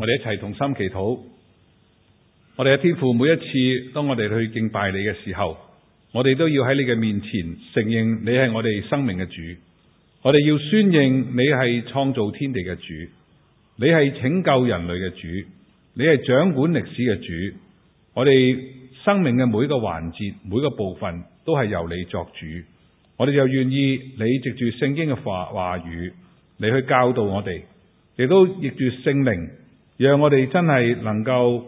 我哋一齊同心祈禱。我哋嘅天父，每一次當我哋去敬拜你嘅時候，我哋都要喺你嘅面前承認你係我哋生命嘅主。我哋要宣認你係創造天地嘅主，你係拯救人類嘅主，你係掌管歷史嘅主。我哋生命嘅每個環節、每個部分都係由你作主。我哋就願意你藉住聖經嘅話話語嚟去教導我哋，亦都藉住聖靈。讓我哋真係能夠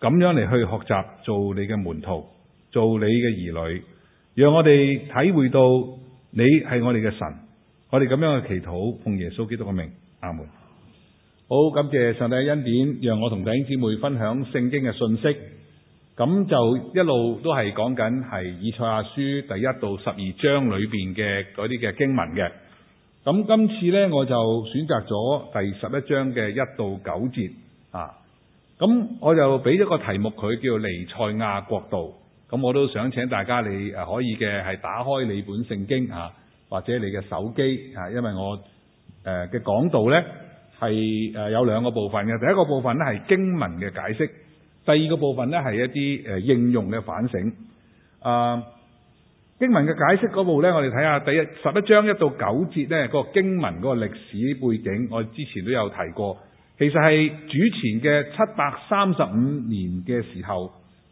咁樣嚟去學習做你嘅門徒，做你嘅兒女。讓我哋體會到你係我哋嘅神。我哋咁樣嘅祈禱，奉耶穌基督嘅名，阿門。好，感謝上帝嘅恩典，讓我同弟兄姊妹分享聖經嘅信息。咁就一路都係講緊係以賽亞書第一到十二章裏邊嘅嗰啲嘅經文嘅。咁今次呢，我就選擇咗第十一章嘅一到九節啊。咁我就俾一個題目佢叫彌賽亞國度。咁我都想請大家你可以嘅係打開你本聖經啊，或者你嘅手機啊，因為我嘅講道呢係有兩個部分嘅。第一個部分係經文嘅解釋，第二個部分呢係一啲應用嘅反省啊。呃經文嘅解釋嗰部呢，我哋睇下第一十一章一到九節呢，呢個經文嗰個歷史背景，我之前都有提過。其實係主前嘅七百三十五年嘅時候，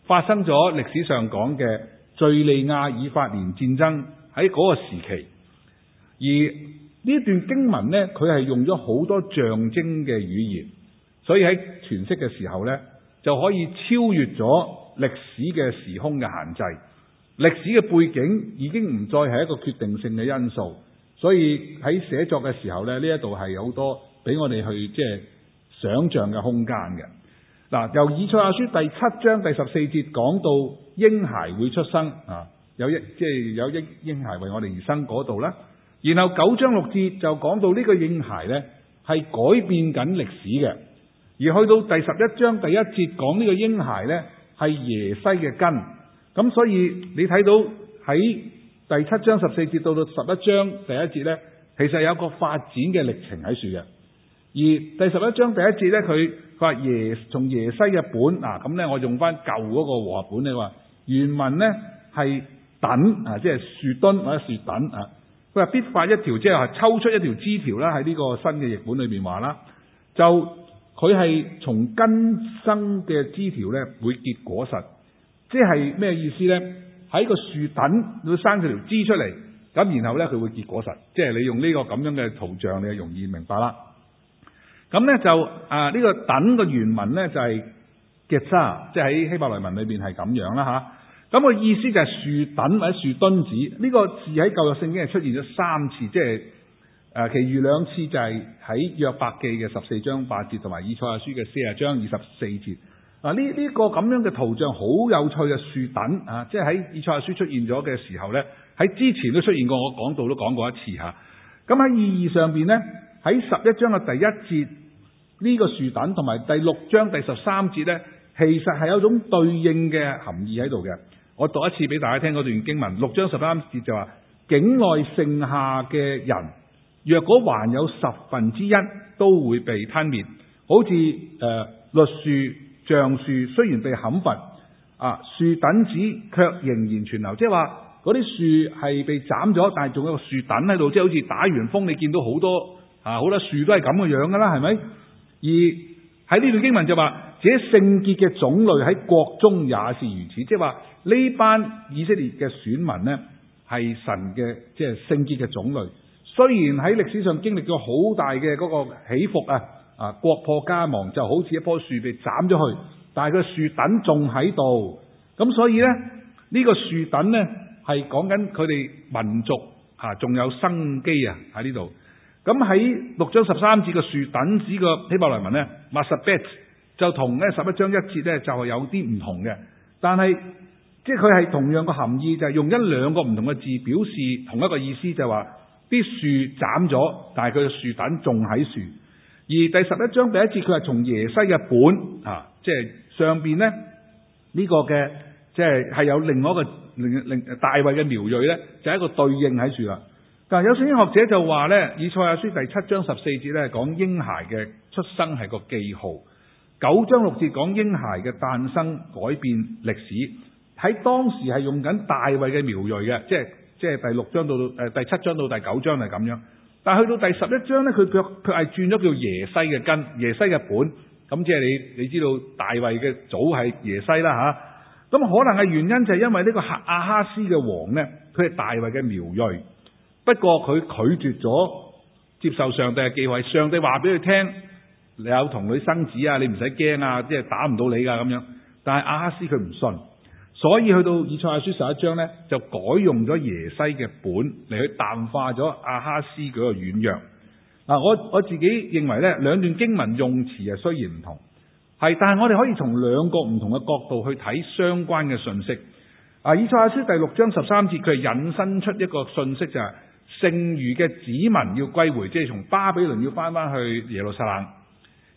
發生咗歷史上講嘅敘利亞以法蓮戰爭喺嗰個時期。而呢段經文呢，佢係用咗好多象徵嘅語言，所以喺詮釋嘅時候呢，就可以超越咗歷史嘅時空嘅限制。歷史嘅背景已經唔再係一個決定性嘅因素，所以喺寫作嘅時候咧，呢一度係有好多俾我哋去即係想象嘅空間嘅。嗱，由以賽亞書第七章第十四節講到嬰孩會出生啊，有一即係、就是、有嬰嬰孩為我哋而生嗰度啦。然後九章六節就講到呢個嬰孩呢係改變緊歷史嘅，而去到第十一章第一節講呢個嬰孩呢係耶西嘅根。咁所以你睇到喺第七章十四節到到十一章第一節呢，其實有個發展嘅歷程喺樹嘅。而第十一章第一節呢，佢話耶從耶西嘅本，嗱，咁呢，我用翻舊嗰個和合本，你話原文呢，係「等」，啊，即係樹墩或者「樹等」。啊。佢話必發一條，即係抽出一條枝條啦，喺呢個新嘅譯本裏面話啦，就佢係從根生嘅枝條呢，會結果實。即係咩意思呢？喺個樹墩要生咗條枝出嚟，咁然後呢，佢會結果實。即係你用呢個咁樣嘅圖像，你就容易明白啦。咁呢，就啊呢、呢個墩嘅原文呢，就係 gaza 即係喺希伯來文裏面係咁樣啦吓，咁、啊個意思就係樹墩或者樹墩子。呢、呢個字喺舊約聖經係出現咗三次，即係其餘兩次就係喺約伯記嘅十四章八節同埋以賽亞書嘅四十章二十四節。嗱，呢、這、呢個咁樣嘅圖像好有趣嘅樹墩啊！即係喺《以賽亞書》出現咗嘅時候呢，喺之前都出現過。我講道都講過一次嚇。咁、啊、喺意義上面呢，呢喺十一章嘅第一節呢、這個樹墩同埋第六章第十三節呢，其實係有種對應嘅含義喺度嘅。我讀一次俾大家聽嗰段經文：六章十三節就話，境內剩下嘅人，若果還有十分之一都會被吞滅，好似誒、呃、栗樹。橡樹雖然被砍伐，啊，樹墩子卻仍然存留，即係話嗰啲樹係被斬咗，但係仲有個樹墩喺度，即係好似打完風你，你見到好多啊，好多樹都係咁嘅樣噶啦，係咪？而喺呢度經文就話，這聖潔嘅種類喺國中也是如此，即係話呢班以色列嘅選民呢，係神嘅即係聖潔嘅種類，雖然喺歷史上經歷咗好大嘅嗰個起伏啊。啊！國破家亡就好似一棵樹被斬咗去，但係個樹墩仲喺度，咁所以呢，呢、這個樹墩呢係講緊佢哋民族仲、啊、有生機啊！喺呢度，咁喺六章十三字嘅樹墩指個希伯來文呢 matbet 就同呢十一章一節呢就係、是、有啲唔同嘅，但係即係佢係同樣個含義，就係、是、用一兩個唔同嘅字表示同一個意思就，就係話啲樹斬咗，但係佢嘅樹墩仲喺樹。而第十一章第一節佢係從耶西嘅本啊，即係上邊咧呢、這個嘅，即係係有另外一個另另大衛嘅苗裔咧，就係、是、一個對應喺處啦。但係有聖經學者就話咧，以賽亞書第七章十四節咧講嬰孩嘅出生係個記號，九章六節講嬰孩嘅誕生改變歷史，喺當時係用緊大衛嘅苗裔嘅，即係即係第六章到誒、呃、第七章到第九章係咁樣。但係去到第十一章咧，佢腳佢係轉咗叫耶西嘅根，耶西嘅本。咁即係你你知道大衛嘅祖係耶西啦吓。咁可能係原因就係因為呢個阿哈斯嘅王咧，佢係大衛嘅苗裔。不過佢拒絕咗接受上帝嘅寄位。上帝話俾佢聽，你有童女生子啊，你唔使驚啊，即係打唔到你噶咁樣。但係阿哈斯佢唔信。所以去到以賽亞書十一章呢，就改用咗耶西嘅本嚟去淡化咗阿哈斯嗰個軟弱。啊，我我自己認為呢兩段經文用詞係雖然唔同，係但係我哋可以從兩個唔同嘅角度去睇相關嘅信息。啊，以賽亞書第六章十三節，佢係引申出一個信息，就係剩餘嘅子民要歸回，即係從巴比倫要翻翻去耶路撒冷。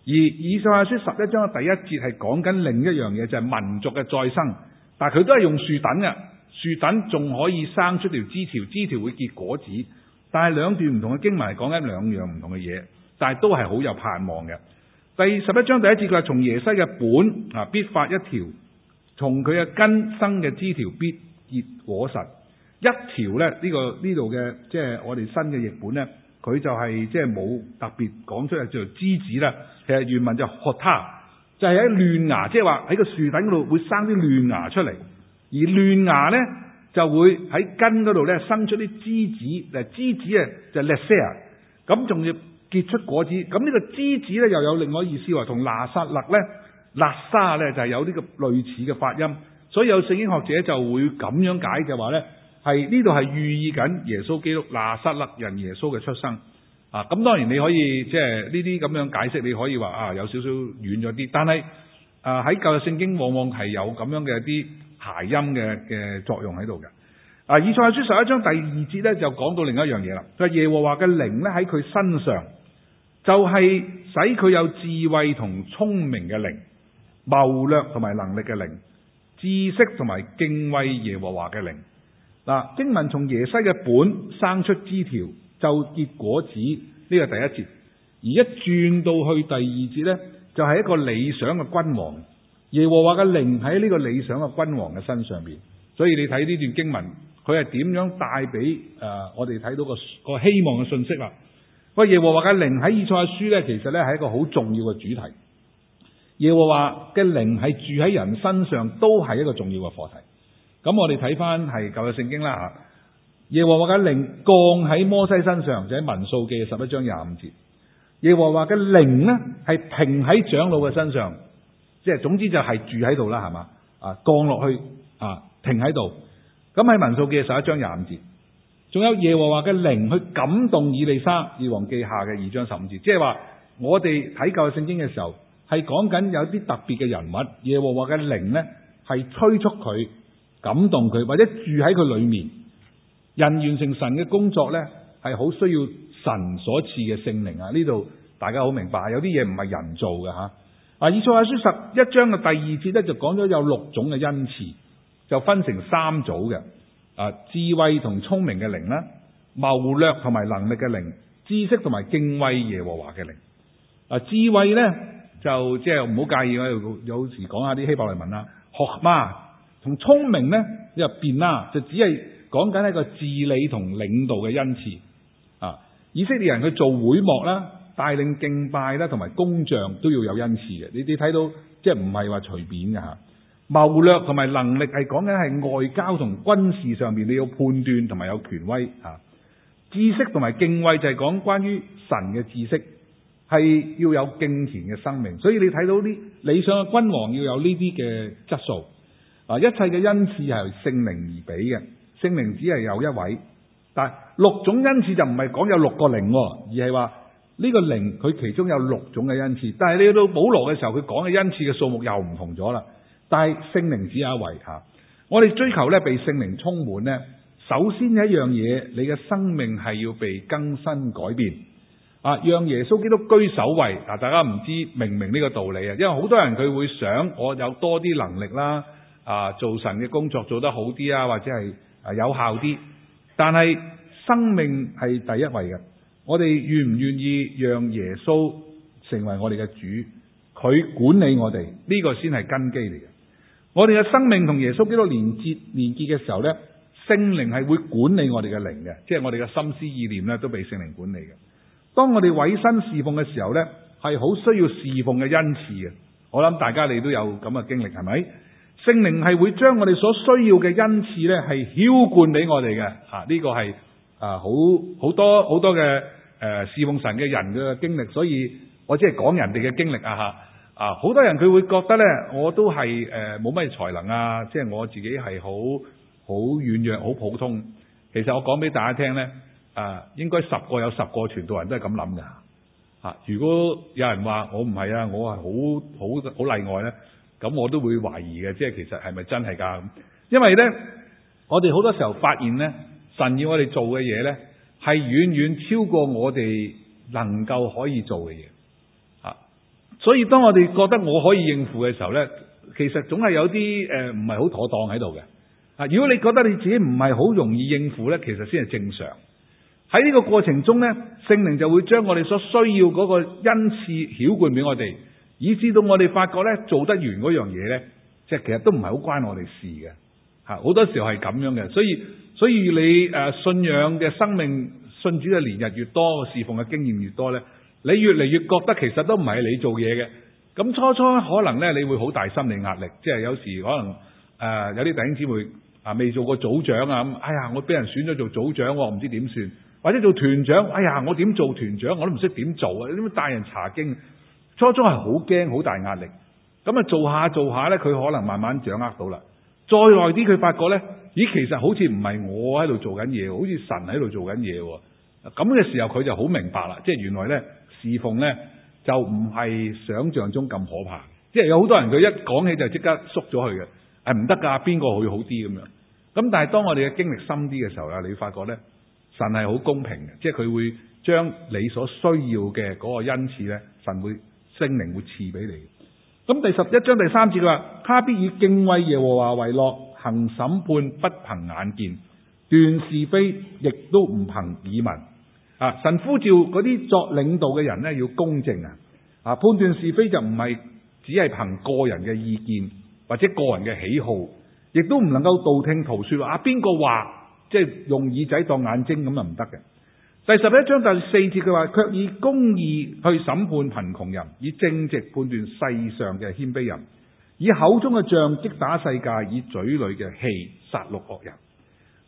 而以賽亞書十一章嘅第一節係講緊另一樣嘢，就係民族嘅再生。嗱，佢都係用樹等嘅，樹等仲可以生出條枝條，枝條會結果子。但係兩段唔同嘅經文係講緊兩樣唔同嘅嘢，但係都係好有盼望嘅。第十一章第一節佢話，從耶西嘅本啊，必發一條，從佢嘅根生嘅枝條必結果實。一條咧呢、呢個呢度嘅即係我哋新嘅譯本咧，佢就係即係冇特別講出嚟，叫做枝子啦。其實原文就學他。就係喺嫩芽，即係話喺個樹頂度會生啲嫩芽出嚟，而嫩芽咧就會喺根度咧生出啲枝子，誒枝子啊就係 lessir，咁仲要結出果子。咁呢個枝子咧又有另外一意思，話同拿撒勒咧、拿沙咧就係有呢個類似嘅發音，所以有聖經學者就會咁樣解嘅話咧，係呢度係寓意緊耶穌基督拿撒勒人耶穌嘅出生。啊，咁當然你可以即係呢啲咁樣解釋，你可以話啊有少少遠咗啲。但係喺舊約聖經往往係有咁樣嘅一啲諧音嘅嘅作用喺度嘅。啊，以賽亞書十一章第二節咧就講到另一樣嘢啦。就係耶和華嘅靈咧喺佢身上，就係、是、使佢有智慧同聰明嘅靈，謀略同埋能力嘅靈，知識同埋敬畏耶和華嘅靈。嗱、啊，經文從耶西嘅本生出枝條。就結果子呢個第一節，而一轉到去第二節呢，就係、是、一個理想嘅君王，耶和華嘅靈喺呢個理想嘅君王嘅身上邊，所以你睇呢段經文，佢係點樣帶俾誒、呃、我哋睇到個個希望嘅信息啦。喂，耶和華嘅靈喺以賽亞書呢，其實呢，係一個好重要嘅主題。耶和華嘅靈係住喺人身上，都係一個重要嘅課題。咁我哋睇翻係舊嘅聖經啦吓。耶和華嘅靈降喺摩西身上，就喺民數記十一章廿五節。耶和華嘅靈呢，係停喺長老嘅身上，即係總之就係住喺度啦，係嘛啊？降落去啊，停喺度。咁喺民數記十一章廿五節，仲有耶和華嘅靈去感動以利沙，二王記下嘅二章十五節。即係話我哋睇舊聖經嘅時候，係講緊有啲特別嘅人物，耶和華嘅靈呢，係催促佢感動佢，或者住喺佢裏面。人完成神嘅工作呢，係好需要神所賜嘅聖靈啊！呢度大家好明白，有啲嘢唔係人做嘅吓。啊，以賽亞書十一章嘅第二節呢，就講咗有六種嘅恩賜，就分成三組嘅。啊，智慧同聰明嘅靈啦，謀略同埋能力嘅靈，知識同埋敬畏耶和華嘅靈。啊，智慧呢，就即係唔好介意我有有時講下啲希伯來文啦，學嘛。同聰明呢又變啦，就只係。講緊係個治理同領導嘅恩賜啊！以色列人佢做會幕啦、啊、帶領敬拜啦、啊，同埋工匠都要有恩賜嘅。你哋睇到即係唔係話隨便嘅吓、啊，謀略同埋能力係講緊係外交同軍事上邊你要判斷同埋有權威啊！知識同埋敬畏就係講關於神嘅知識係要有敬虔嘅生命，所以你睇到啲理想嘅君王要有呢啲嘅質素啊！一切嘅恩賜係由聖靈而俾嘅。聖靈只係有一位，但係六種恩賜就唔係講有六個靈，而係話呢個靈佢其中有六種嘅恩賜。但係你去到保羅嘅時候，佢講嘅恩賜嘅數目又唔同咗啦。但係聖靈只有一位吓，我哋追求咧被聖靈充滿咧，首先一樣嘢，你嘅生命係要被更新改變啊，讓耶穌基督居首位。大家唔知明唔明呢個道理啊？因為好多人佢會想我有多啲能力啦，啊，做神嘅工作做得好啲啊，或者係。啊，有效啲，但係生命係第一位嘅。我哋願唔願意讓耶穌成為我哋嘅主？佢管理我哋呢，這個先係根基嚟嘅。我哋嘅生命同耶穌基督連接連結嘅時候咧，聖靈係會管理我哋嘅靈嘅，即係我哋嘅心思意念咧，都被聖靈管理嘅。當我哋委身侍奉嘅時候咧，係好需要侍奉嘅恩賜嘅。我諗大家你都有咁嘅經歷，係咪？聖靈係會將我哋所需要嘅恩賜呢係澆灌俾我哋嘅，吓、啊、呢、這個係啊好好多好多嘅誒侍奉神嘅人嘅經歷，所以我只係講人哋嘅經歷啊吓啊，好、啊、多人佢會覺得呢，我都係誒冇乜才能啊，即、就、係、是、我自己係好好軟弱、好普通。其實我講俾大家聽呢，啊應該十個有十個傳道人都係咁諗噶吓。如果有人話我唔係啊，我係好好好例外呢。咁我都會懷疑嘅，即係其實係咪真係㗎？因為呢，我哋好多時候發現呢，神要我哋做嘅嘢呢，係遠遠超過我哋能夠可以做嘅嘢啊！所以當我哋覺得我可以應付嘅時候呢，其實總係有啲誒唔係好妥當喺度嘅啊！如果你覺得你自己唔係好容易應付呢，其實先係正常。喺呢個過程中呢，聖靈就會將我哋所需要嗰個恩賜澆灌俾我哋。以至到我哋發覺咧，做得完嗰樣嘢咧，即係其實都唔係好關我哋事嘅，好多時候係咁樣嘅。所以所以你、呃、信仰嘅生命，信主嘅年日越多，侍奉嘅經驗越多咧，你越嚟越覺得其實都唔係你做嘢嘅。咁初初可能咧，你會好大心理壓力，即係有時可能誒、呃、有啲弟兄姊妹啊，未做過組長啊，咁，哎呀我俾人選咗做組長，我唔知點算，或者做團長，哎呀我點做團長我都唔識點做啊，你點帶人查經？初中係好驚，好大壓力，咁啊做下做下咧，佢可能慢慢掌握到啦。再耐啲，佢發覺咧，咦，其實好似唔係我喺度做緊嘢，好似神喺度做緊嘢喎。咁嘅時候，佢就好明白啦，即係原來咧侍奉咧就唔係想象中咁可怕。即係有好多人佢一講起就即刻縮咗去嘅，係唔得噶，邊個會好啲咁樣？咁但係當我哋嘅經歷深啲嘅時候呀，你發覺咧神係好公平嘅，即係佢會將你所需要嘅嗰個恩賜咧，神會。聖靈會賜俾你嘅。咁第十一章第三節嘅話：，他必以敬畏耶和華為樂，行審判不憑眼見，斷是非亦都唔憑耳聞。啊，神呼召嗰啲作領導嘅人呢，要公正啊！啊，判斷是非就唔係只係憑個人嘅意見或者個人嘅喜好，亦都唔能夠道聽途說啊！邊個話即係用耳仔當眼睛咁就唔得嘅。第十一章第四節佢話：，卻以公義去審判貧窮人，以正直判斷世上嘅謙卑人，以口中嘅杖擊打世界，以嘴裏嘅氣殺戮惡人。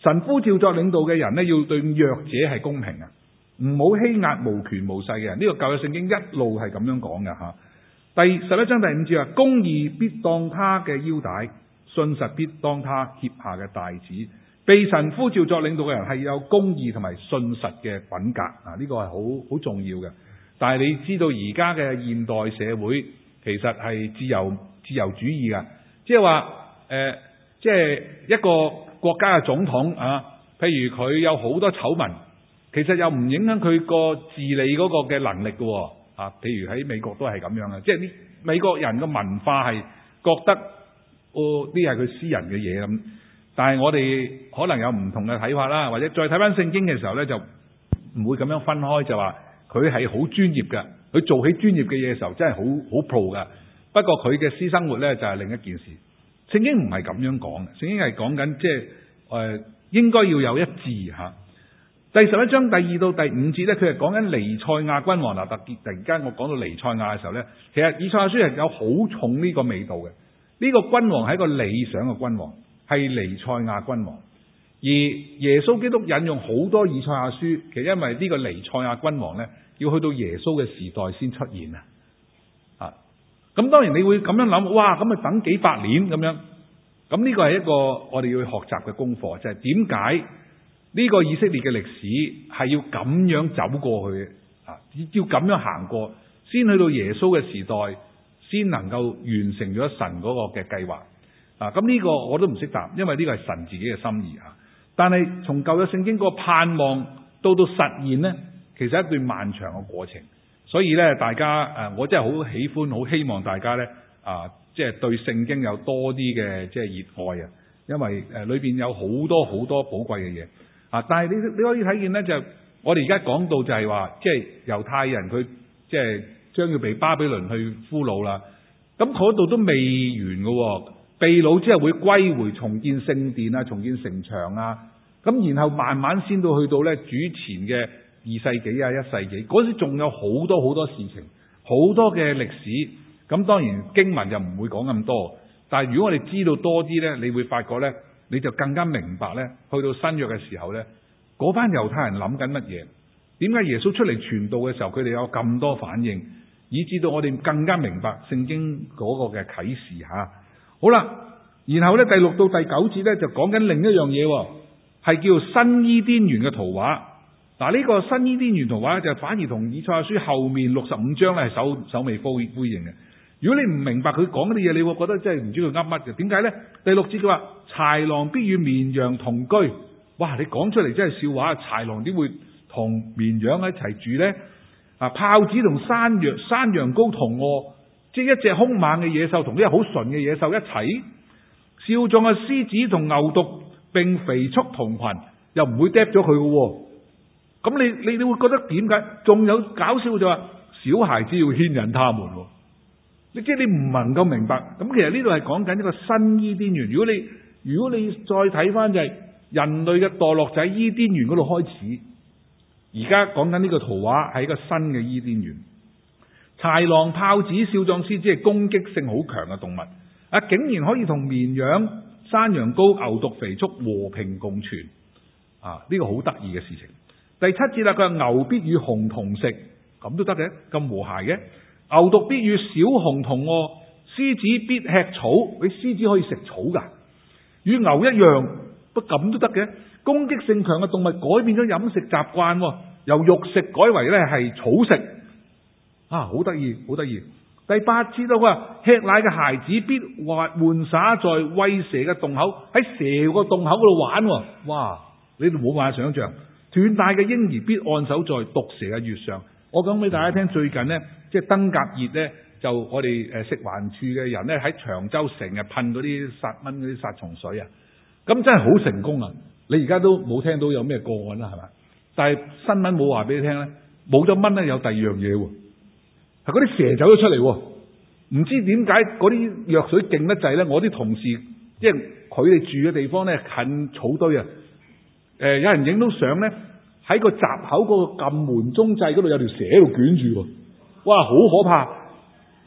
神呼召作領導嘅人呢，要對弱者係公平啊，唔好欺壓無權無勢嘅人。呢、這個舊約聖經一路係咁樣講嘅吓。第十一章第五節話：，公義必當他嘅腰帶，信實必當他脅下嘅帶子。被神呼召作領導嘅人係有公義同埋信實嘅品格啊！呢個係好好重要嘅。但係你知道而家嘅現代社會其實係自由自由主義嘅，即係話誒，即係一個國家嘅總統啊，譬如佢有好多醜聞，其實又唔影響佢個治理嗰個嘅能力嘅喎啊！譬如喺美國都係咁樣嘅，即係美國人嘅文化係覺得哦呢係佢私人嘅嘢咁。但係我哋可能有唔同嘅睇法啦，或者再睇翻聖經嘅時候呢，就唔會咁樣分開，就話佢係好專業嘅，佢做起專業嘅嘢嘅時候真係好好 pro 噶。不過佢嘅私生活呢，就係另一件事。聖經唔係咁樣講嘅，聖經係講緊即係誒，應該要有一致吓、啊。第十一章第二到第五節呢，佢係講緊彌賽亞君王嗱，特別突然間我講到彌賽亞嘅時候呢，其實以賽亞書係有好重呢個味道嘅。呢、這個君王係一個理想嘅君王。係彌賽亞君王，而耶穌基督引用好多以賽亞書，其實因為呢個彌賽亞君王呢，要去到耶穌嘅時代先出現啊！咁當然你會咁樣諗，哇！咁啊等幾百年咁樣，咁呢個係一個我哋要去學習嘅功課，就係點解呢個以色列嘅歷史係要咁樣走過去啊？要咁樣行過，先去到耶穌嘅時代，先能夠完成咗神嗰個嘅計劃。啊，咁，這，呢個我都唔識答，因為呢個係神自己嘅心意，啊，但係從舊約聖經個盼望到到實現呢，其實一段漫長嘅過程。所以呢，大家誒，我真係好喜歡，好希望大家呢，啊，即，就，係，是，對聖經有多啲嘅即係熱愛啊。因為誒裏邊有好多好多寶貴嘅嘢啊。但係你你可以睇見呢，就我哋而家講到就係話，即，就，係，是，猶太人佢即係將要被巴比倫去俘虜啦。咁嗰度都未完噶，啊。被擄之後會歸回重建聖殿啊，重建城牆啊，咁然後慢慢先到去到咧主前嘅二世紀啊、一世紀嗰時仲有好多好多事情，好多嘅歷史，咁當然經文就唔會講咁多，但係如果我哋知道多啲呢，你會發覺呢，你就更加明白呢。去到新約嘅時候呢，嗰班猶太人諗緊乜嘢？點解耶穌出嚟傳道嘅時候佢哋有咁多反應，以至到我哋更加明白聖經嗰個嘅啟示吓。好啦，然後咧第六到第九節咧就講緊另一樣嘢，係叫新伊甸園嘅圖畫。嗱、這、呢個新伊甸園圖畫咧就反而同以賽亞書後面六十五章咧係首首尾呼應嘅。如果你唔明白佢講嗰啲嘢，你會覺得真係唔知佢噏乜嘅。點解咧？第六節佢話豺狼必與綿羊同居，哇！你講出嚟真係笑話，豺狼點會同綿羊喺一齊住咧？啊，豹子同山羊、山羊羔同臥。即係一隻凶猛嘅野獸同呢啲好純嘅野獸一齊，少壯嘅獅子同牛犢並肥畜同群，又唔會跌咗佢嘅。咁你你你會覺得點解？仲有搞笑就話，小孩子要牽引他們。你即係你唔能夠明白。咁其實呢度係講緊一個新伊甸園。如果你如果你再睇翻就係人類嘅墮落就喺伊甸園嗰度開始。而家講緊呢個圖畫係一個新嘅伊甸園。豺狼、豹子、少壯獅子係攻擊性好強嘅動物，啊，竟然可以同綿羊、山羊羔、牛犢、肥畜和平共存，啊，呢個好得意嘅事情。第七節啦，佢話牛必與熊同食，咁都得嘅，咁和諧嘅。牛犢必與小熊同臥，獅子必吃草，啲獅子可以食草噶，與牛一樣，不咁都得嘅。攻擊性強嘅動物改變咗飲食習慣，由肉食改為咧係草食。啊！好得意，好得意。第八節咧，佢話：吃奶嘅孩子必玩玩耍在喂蛇嘅洞口，喺蛇個洞口嗰度玩喎，啊。哇！你冇辦法想象斷奶嘅嬰兒必按手在毒蛇嘅穴上。我講俾大家聽，最近呢，即係登革熱呢，就我哋誒食環處嘅人呢，喺長洲成日噴嗰啲殺蚊嗰啲殺蟲水啊。咁真係好成功啊！你而家都冇聽到有咩個案啦，係咪？但係新聞冇話俾你聽呢，冇咗蚊呢，有第二樣嘢。嗰啲蛇走咗出嚟，唔知點解嗰啲藥水勁得滯咧？我啲同事即係佢哋住嘅地方咧，近草堆啊！誒，有人影到相咧，喺個閘口嗰個撳門鐘掣嗰度有條蛇喺度捲住，哇，好可怕！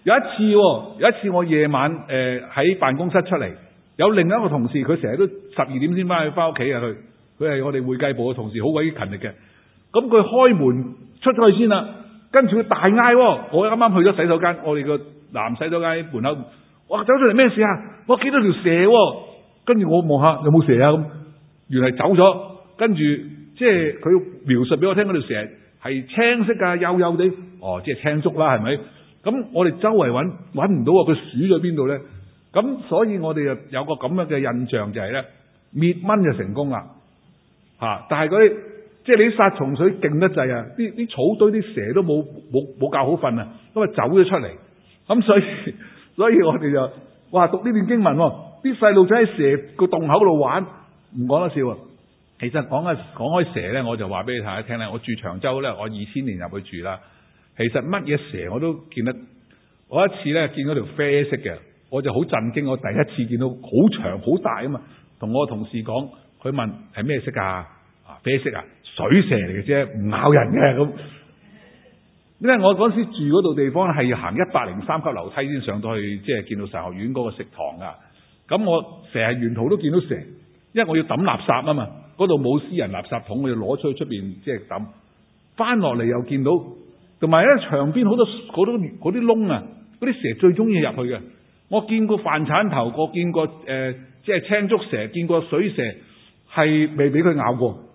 有一次，有一次我夜晚誒喺辦公室出嚟，有另一個同事，佢成日都十二點先返去返屋企啊！佢佢係我哋會計部嘅同事，好鬼勤力嘅。咁佢開門出咗去先啦。跟住佢大嗌，我啱啱去咗洗手間，我哋個男的洗手間門口，哇，走出嚟咩事啊？我見到條蛇，跟住我望下有冇蛇啊？咁、啊、原來走咗，跟住即係佢描述俾我聽嗰條蛇係青色噶，幼幼哋，哦，即係青竹啦，係咪？咁我哋周圍揾，揾唔到啊，佢鼠咗邊度咧？咁所以我哋有個咁樣嘅印象就係、是、咧，滅蚊就成功啦，嚇！但係啲。即係你啲殺蟲水勁得滯啊！啲啲草堆啲蛇都冇冇冇覺好瞓啊，咁啊走咗出嚟。咁所以所以我哋就哇讀呢段經文喎，啲細路仔喺蛇個洞口嗰度玩，唔講得笑啊！其實講啊講開蛇咧，我就話俾你聽咧，我住長洲咧，我二千年入去住啦。其實乜嘢蛇我都見得，我一次咧見到條啡色嘅，我就好震驚。我第一次見到好長好大啊嘛，同我同事講，佢問係咩色噶？啊啡色啊！水蛇嚟嘅啫，唔咬人嘅咁。因為我嗰時住嗰度地方係要行一百零三級樓梯先上到去，即係見到神學院嗰個食堂噶。咁我成日沿途都見到蛇，因為我要抌垃圾啊嘛。嗰度冇私人垃圾桶，我要攞出去出面，即係抌。翻落嚟又見到，同埋咧牆邊好多好多嗰啲窿啊，嗰啲蛇最中意入去嘅。我見過飯鏟頭過，我見過呃即係青竹蛇，見過水蛇，係未俾佢咬過。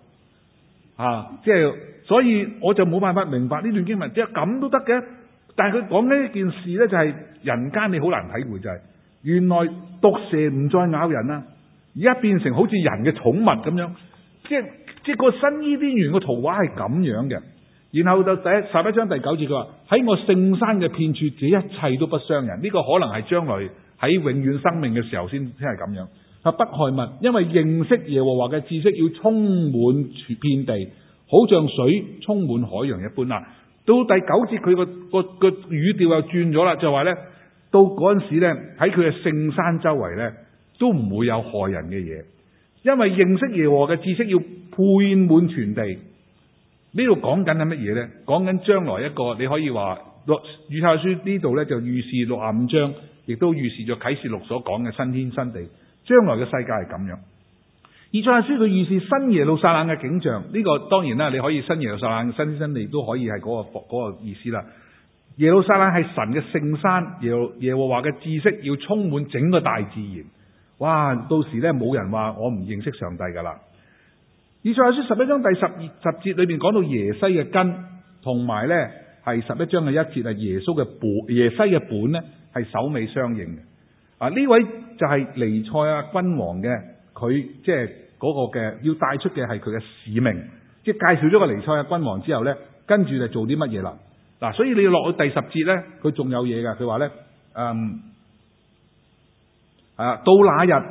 啊，即係所以我就冇辦法明白呢段經文，即係咁都得嘅。但係佢講呢件事咧，就係、是、人間你好難體會，就係、是、原來毒蛇唔再咬人啦，而家變成好似人嘅寵物咁樣。即係即係個新伊甸園個圖畫係咁樣嘅。然後就第十一11章第九節，佢話喺我聖山嘅遍處，這一切都不傷人。呢、這個可能係將來喺永遠生命嘅時候先先係咁樣。係不害物，因為認識耶和華嘅知識要充滿遍地，好像水充滿海洋一般啦。到第九節佢個個個語調又轉咗啦，就話呢：「到嗰陣時咧喺佢嘅聖山周圍呢，都唔會有害人嘅嘢，因為認識耶和嘅知識要遍滿全地。」呢度講緊係乜嘢呢？講緊將來一個你可以話《諾雨下書》呢度呢，就預示六十五章，亦都預示咗啟示錄所講嘅新天新地。將來嘅世界係咁樣，以賽亞書佢預示新耶路撒冷嘅景象，呢、這個當然啦，你可以新耶路撒冷，新新你都可以係嗰、那個、那個意思啦。耶路撒冷係神嘅聖山，耶耶和華嘅知識要充滿整個大自然。哇，到時呢冇人話我唔認識上帝噶啦。以賽亞書十一章第十二十節裏面講到耶西嘅根，同埋呢係十一章嘅一節啊，耶穌嘅本，耶西嘅本呢係首尾相應嘅。嗱，呢位就係彌賽亞君王嘅，佢即係嗰個嘅要帶出嘅係佢嘅使命，即係介紹咗個彌賽亞君王之後呢，跟住就做啲乜嘢啦？嗱，所以你要落去第十節呢，佢仲有嘢㗎。佢話呢，嗯，啊，到那日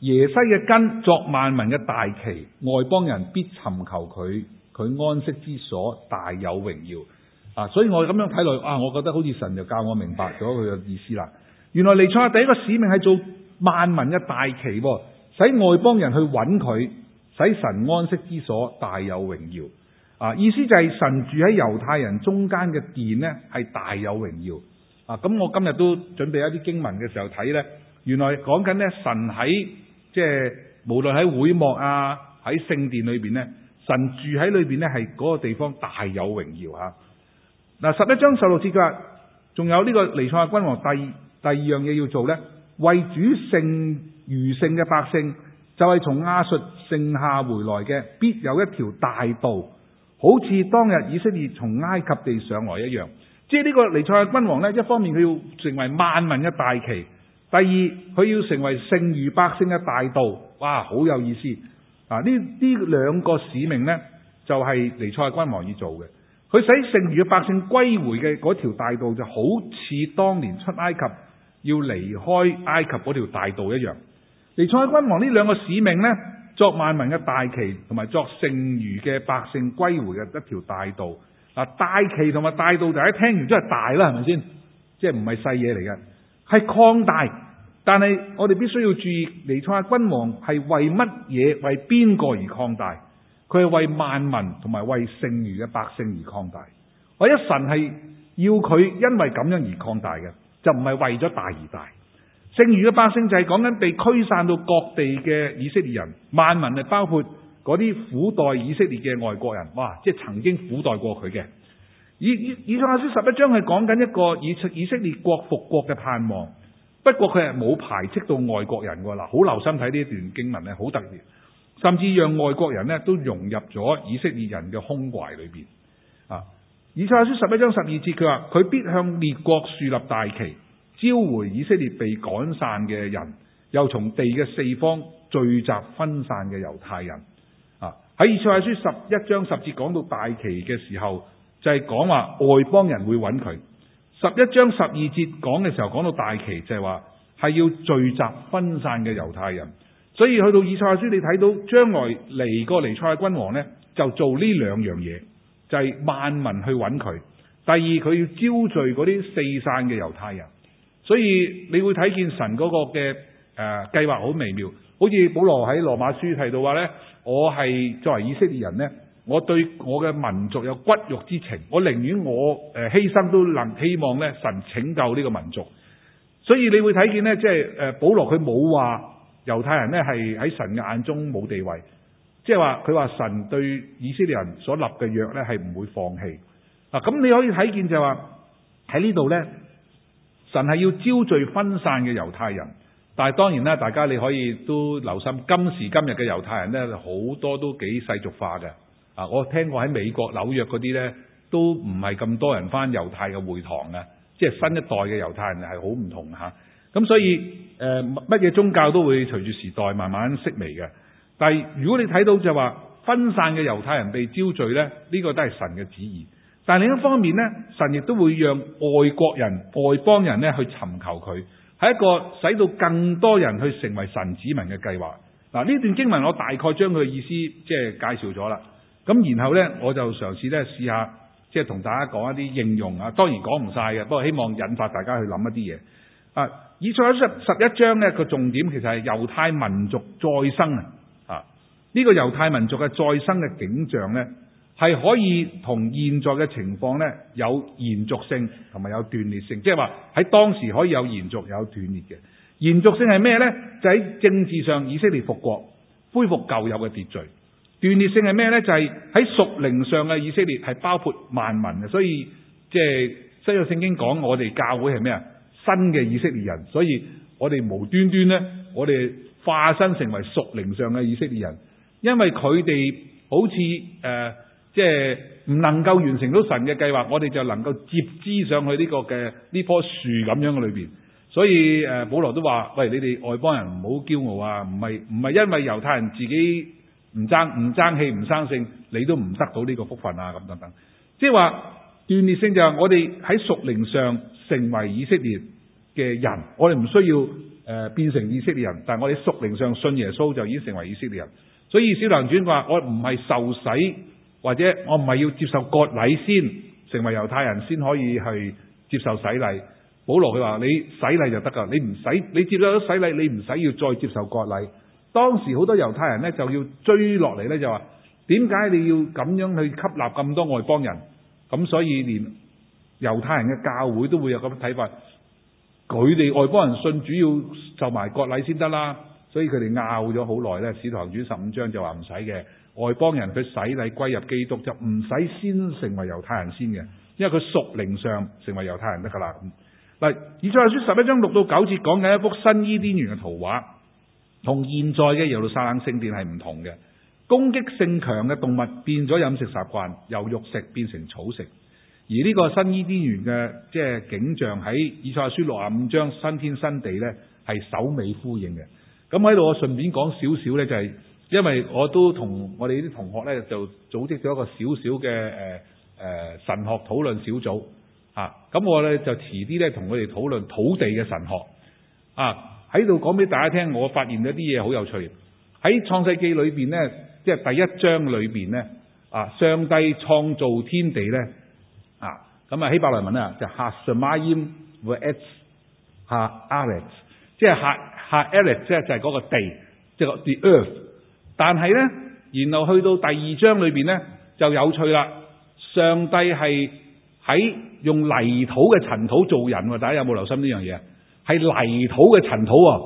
耶西嘅根作萬民嘅大旗，外邦人必尋求佢，佢安息之所大有榮耀啊！所以我咁樣睇落去啊，我覺得好似神就教我明白咗佢嘅意思啦。原來彌賽亞，第一個使命係做萬民嘅大旗，使外邦人去揾佢，使神安息之所大有榮耀啊！意思就係神住喺猶太人中間嘅殿呢，係大有榮耀啊！咁我今日都準備一啲經文嘅時候睇呢。原來講緊呢，神喺即係無論喺會幕啊，喺聖殿裏邊呢，神住喺裏邊呢，係嗰個地方大有榮耀啊！嗱，十一章十六節噶，仲有呢個彌賽亞，君王第。第二樣嘢要做呢，為主剩餘剩嘅百姓，就係從亞述剩下回來嘅，必有一條大道，好似當日以色列從埃及地上來一樣。即係呢個彌賽亞君王呢，一方面佢要成為萬民嘅大旗，第二佢要成為剩餘百姓嘅大道。哇，好有意思啊！呢呢兩個使命呢，就係、是、彌賽亞君王要做嘅。佢使剩餘嘅百姓歸回嘅嗰條大道，就好似當年出埃及，要離開埃及嗰條大道一樣，彌賽亞君王呢兩個使命呢，作萬民嘅大旗，同埋作剩餘嘅百姓歸回嘅一條大道。嗱，大旗同埋大道就喺聽完之後大啦，係咪先？即係唔係細嘢嚟嘅，係擴大。但係我哋必須要注意，彌賽亞君王係為乜嘢？為邊個而擴大？佢係為萬民同埋為剩餘嘅百姓而擴大。我一神係要佢因為咁樣而擴大嘅。就唔係為咗大而大，剩餘嘅百姓就係講緊被驅散到各地嘅以色列人，萬民係包括嗰啲苦待以色列嘅外國人，哇！即係曾經苦待過佢嘅。以以以賽亞書十一章係講緊一個以色以色列國復國嘅盼望，不過佢係冇排斥到外國人㗎嗱。好留心睇呢一段經文咧，好特別，甚至讓外國人咧都融入咗以色列人嘅胸懷裏邊。以賽亞書十一章十二節，佢話佢必向列國豎立大旗，招回以色列被趕散嘅人，又從地嘅四方聚集分散嘅猶太人。啊，喺以賽亞書十一章十節講到大旗嘅時候，就係講話外邦人會揾佢。十一章十二節講嘅時候，講到大旗就係話係要聚集分散嘅猶太人。所以去到以賽亞書你看，你睇到將來嚟個彌賽亞君王呢，就做呢兩樣嘢。就係、是、萬民去揾佢。第二，佢要招聚嗰啲四散嘅猶太人。所以你會睇見神嗰個嘅誒、呃、計劃好微妙。好似保羅喺羅馬書提到話呢，我係作為以色列人呢，我對我嘅民族有骨肉之情。我寧願我誒、呃、犧牲都能希望咧神拯救呢個民族。所以你會睇見呢，即係、呃、保羅佢冇話猶太人呢係喺神嘅眼中冇地位。即係話佢話神對以色列人所立嘅約呢係唔會放棄啊，咁你可以睇見就係話喺呢度呢，神係要招聚分散嘅猶太人，但係當然啦，大家你可以都留心今時今日嘅猶太人呢，好多都幾世俗化嘅啊。我聽過喺美國紐約嗰啲呢，都唔係咁多人返猶太嘅會堂嘅，即係新一代嘅猶太人係好唔同吓，咁所以誒，乜嘢宗教都會隨住時代慢慢式微嘅。但係，如果你睇到就話分散嘅猶太人被招聚呢，呢、呢個都係神嘅旨意。但係另一方面呢，神亦都會讓外國人、外邦人呢去尋求佢，係一個使到更多人去成為神子民嘅計劃。嗱，呢段經文我大概將佢嘅意思即係介紹咗啦。咁然後呢，我就嘗試呢試下即係同大家講一啲應用啊。當然講唔晒嘅，不過希望引發大家去諗一啲嘢。啊，以賽亞十一章呢個重點其實係猶太民族再生啊。呢、這個猶太民族嘅再生嘅景象呢，係可以同現在嘅情況呢，有延續性同埋有斷裂性，即係話喺當時可以有延續有斷裂嘅。延續性係咩呢？就喺、是、政治上以色列復國，恢復舊有嘅秩序。斷裂性係咩呢？就係喺屬靈上嘅以色列係包括萬民嘅。所以即、就、係、是、新約聖經講我哋教會係咩啊？新嘅以色列人。所以我哋無端端呢，我哋化身成為屬靈上嘅以色列人。因為佢哋好似誒，即係唔能夠完成到神嘅計劃，我哋就能夠接枝上去呢、這個嘅呢棵樹咁樣嘅裏邊。所以誒、呃，保羅都話：喂，你哋外邦人唔好驕傲啊！唔係唔係，不是因為猶太人自己唔爭唔爭氣唔生性，你都唔得到呢個福分啊！咁等等，即係話斷裂性就係我哋喺屬靈上成為以色列嘅人，我哋唔需要誒、呃、變成以色列人，但係我哋屬靈上信耶穌就已經成為以色列人。所以小梁轉話：我唔係受洗，或者我唔係要接受割禮先成為猶太人，先可以去接受洗禮。保羅佢話：你洗禮就得㗎，你唔使，你接受咗洗禮，你唔使要再接受割禮。當時好多猶太人呢，就要追落嚟呢，就話：點解你要咁樣去吸納咁多外邦人？咁所以連猶太人嘅教會都會有咁嘅睇法，佢哋外邦人信主要就埋割禮先得啦。所以佢哋拗咗好耐咧，《使徒行傳》十五章就話唔使嘅，外邦人，佢洗禮歸入基督就唔使先成為猶太人先嘅，因為佢屬靈上成為猶太人得噶啦。嗱，《以賽亞書》十一章六到九節講緊一幅新伊甸園嘅圖畫，同現在嘅耶路撒冷聖殿係唔同嘅。攻擊性強嘅動物變咗飲食習慣，由肉食變成草食，而呢個新伊甸園嘅即係景象喺《以賽亞書》六十五章新天新地咧係首尾呼應嘅。咁喺度我順便講少少咧，就係、是、因為我都同我哋啲同學咧就組織咗一個少少嘅神學討論小組啊。咁我咧就遲啲咧同佢哋討論土地嘅神學啊。喺度講俾大家聽，我發現咗啲嘢好有趣。喺創世記裏面咧，即係第一章裏面咧啊，上帝創造天地咧啊。咁啊希伯來文啊、就是，就哈薩 maim 埃斯 alex 即係哈。Haaretz 啫，就係嗰個地，即係個 the earth。但係咧，然後去到第二章裏邊咧，就有趣啦。上帝係喺用泥土嘅塵土做人，大家有冇留心呢樣嘢？係泥土嘅塵土啊！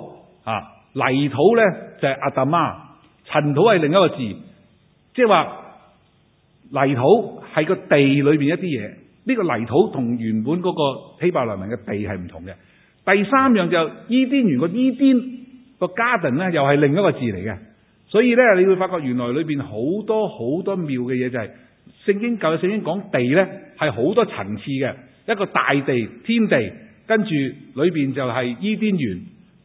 啊，泥土咧就係 adama，塵土係另一個字，即係話泥土係個地裏邊一啲嘢。呢個泥土同原本嗰個希伯來文嘅地係唔同嘅。第三樣就係伊甸園個伊甸個 Garden 咧，又係另一個字嚟嘅。所以咧，你會發覺原來裏邊好多好多妙嘅嘢，就是，就係聖經舊約聖經講地咧，係好多層次嘅。一個大地、天地，跟住裏邊就係伊甸園，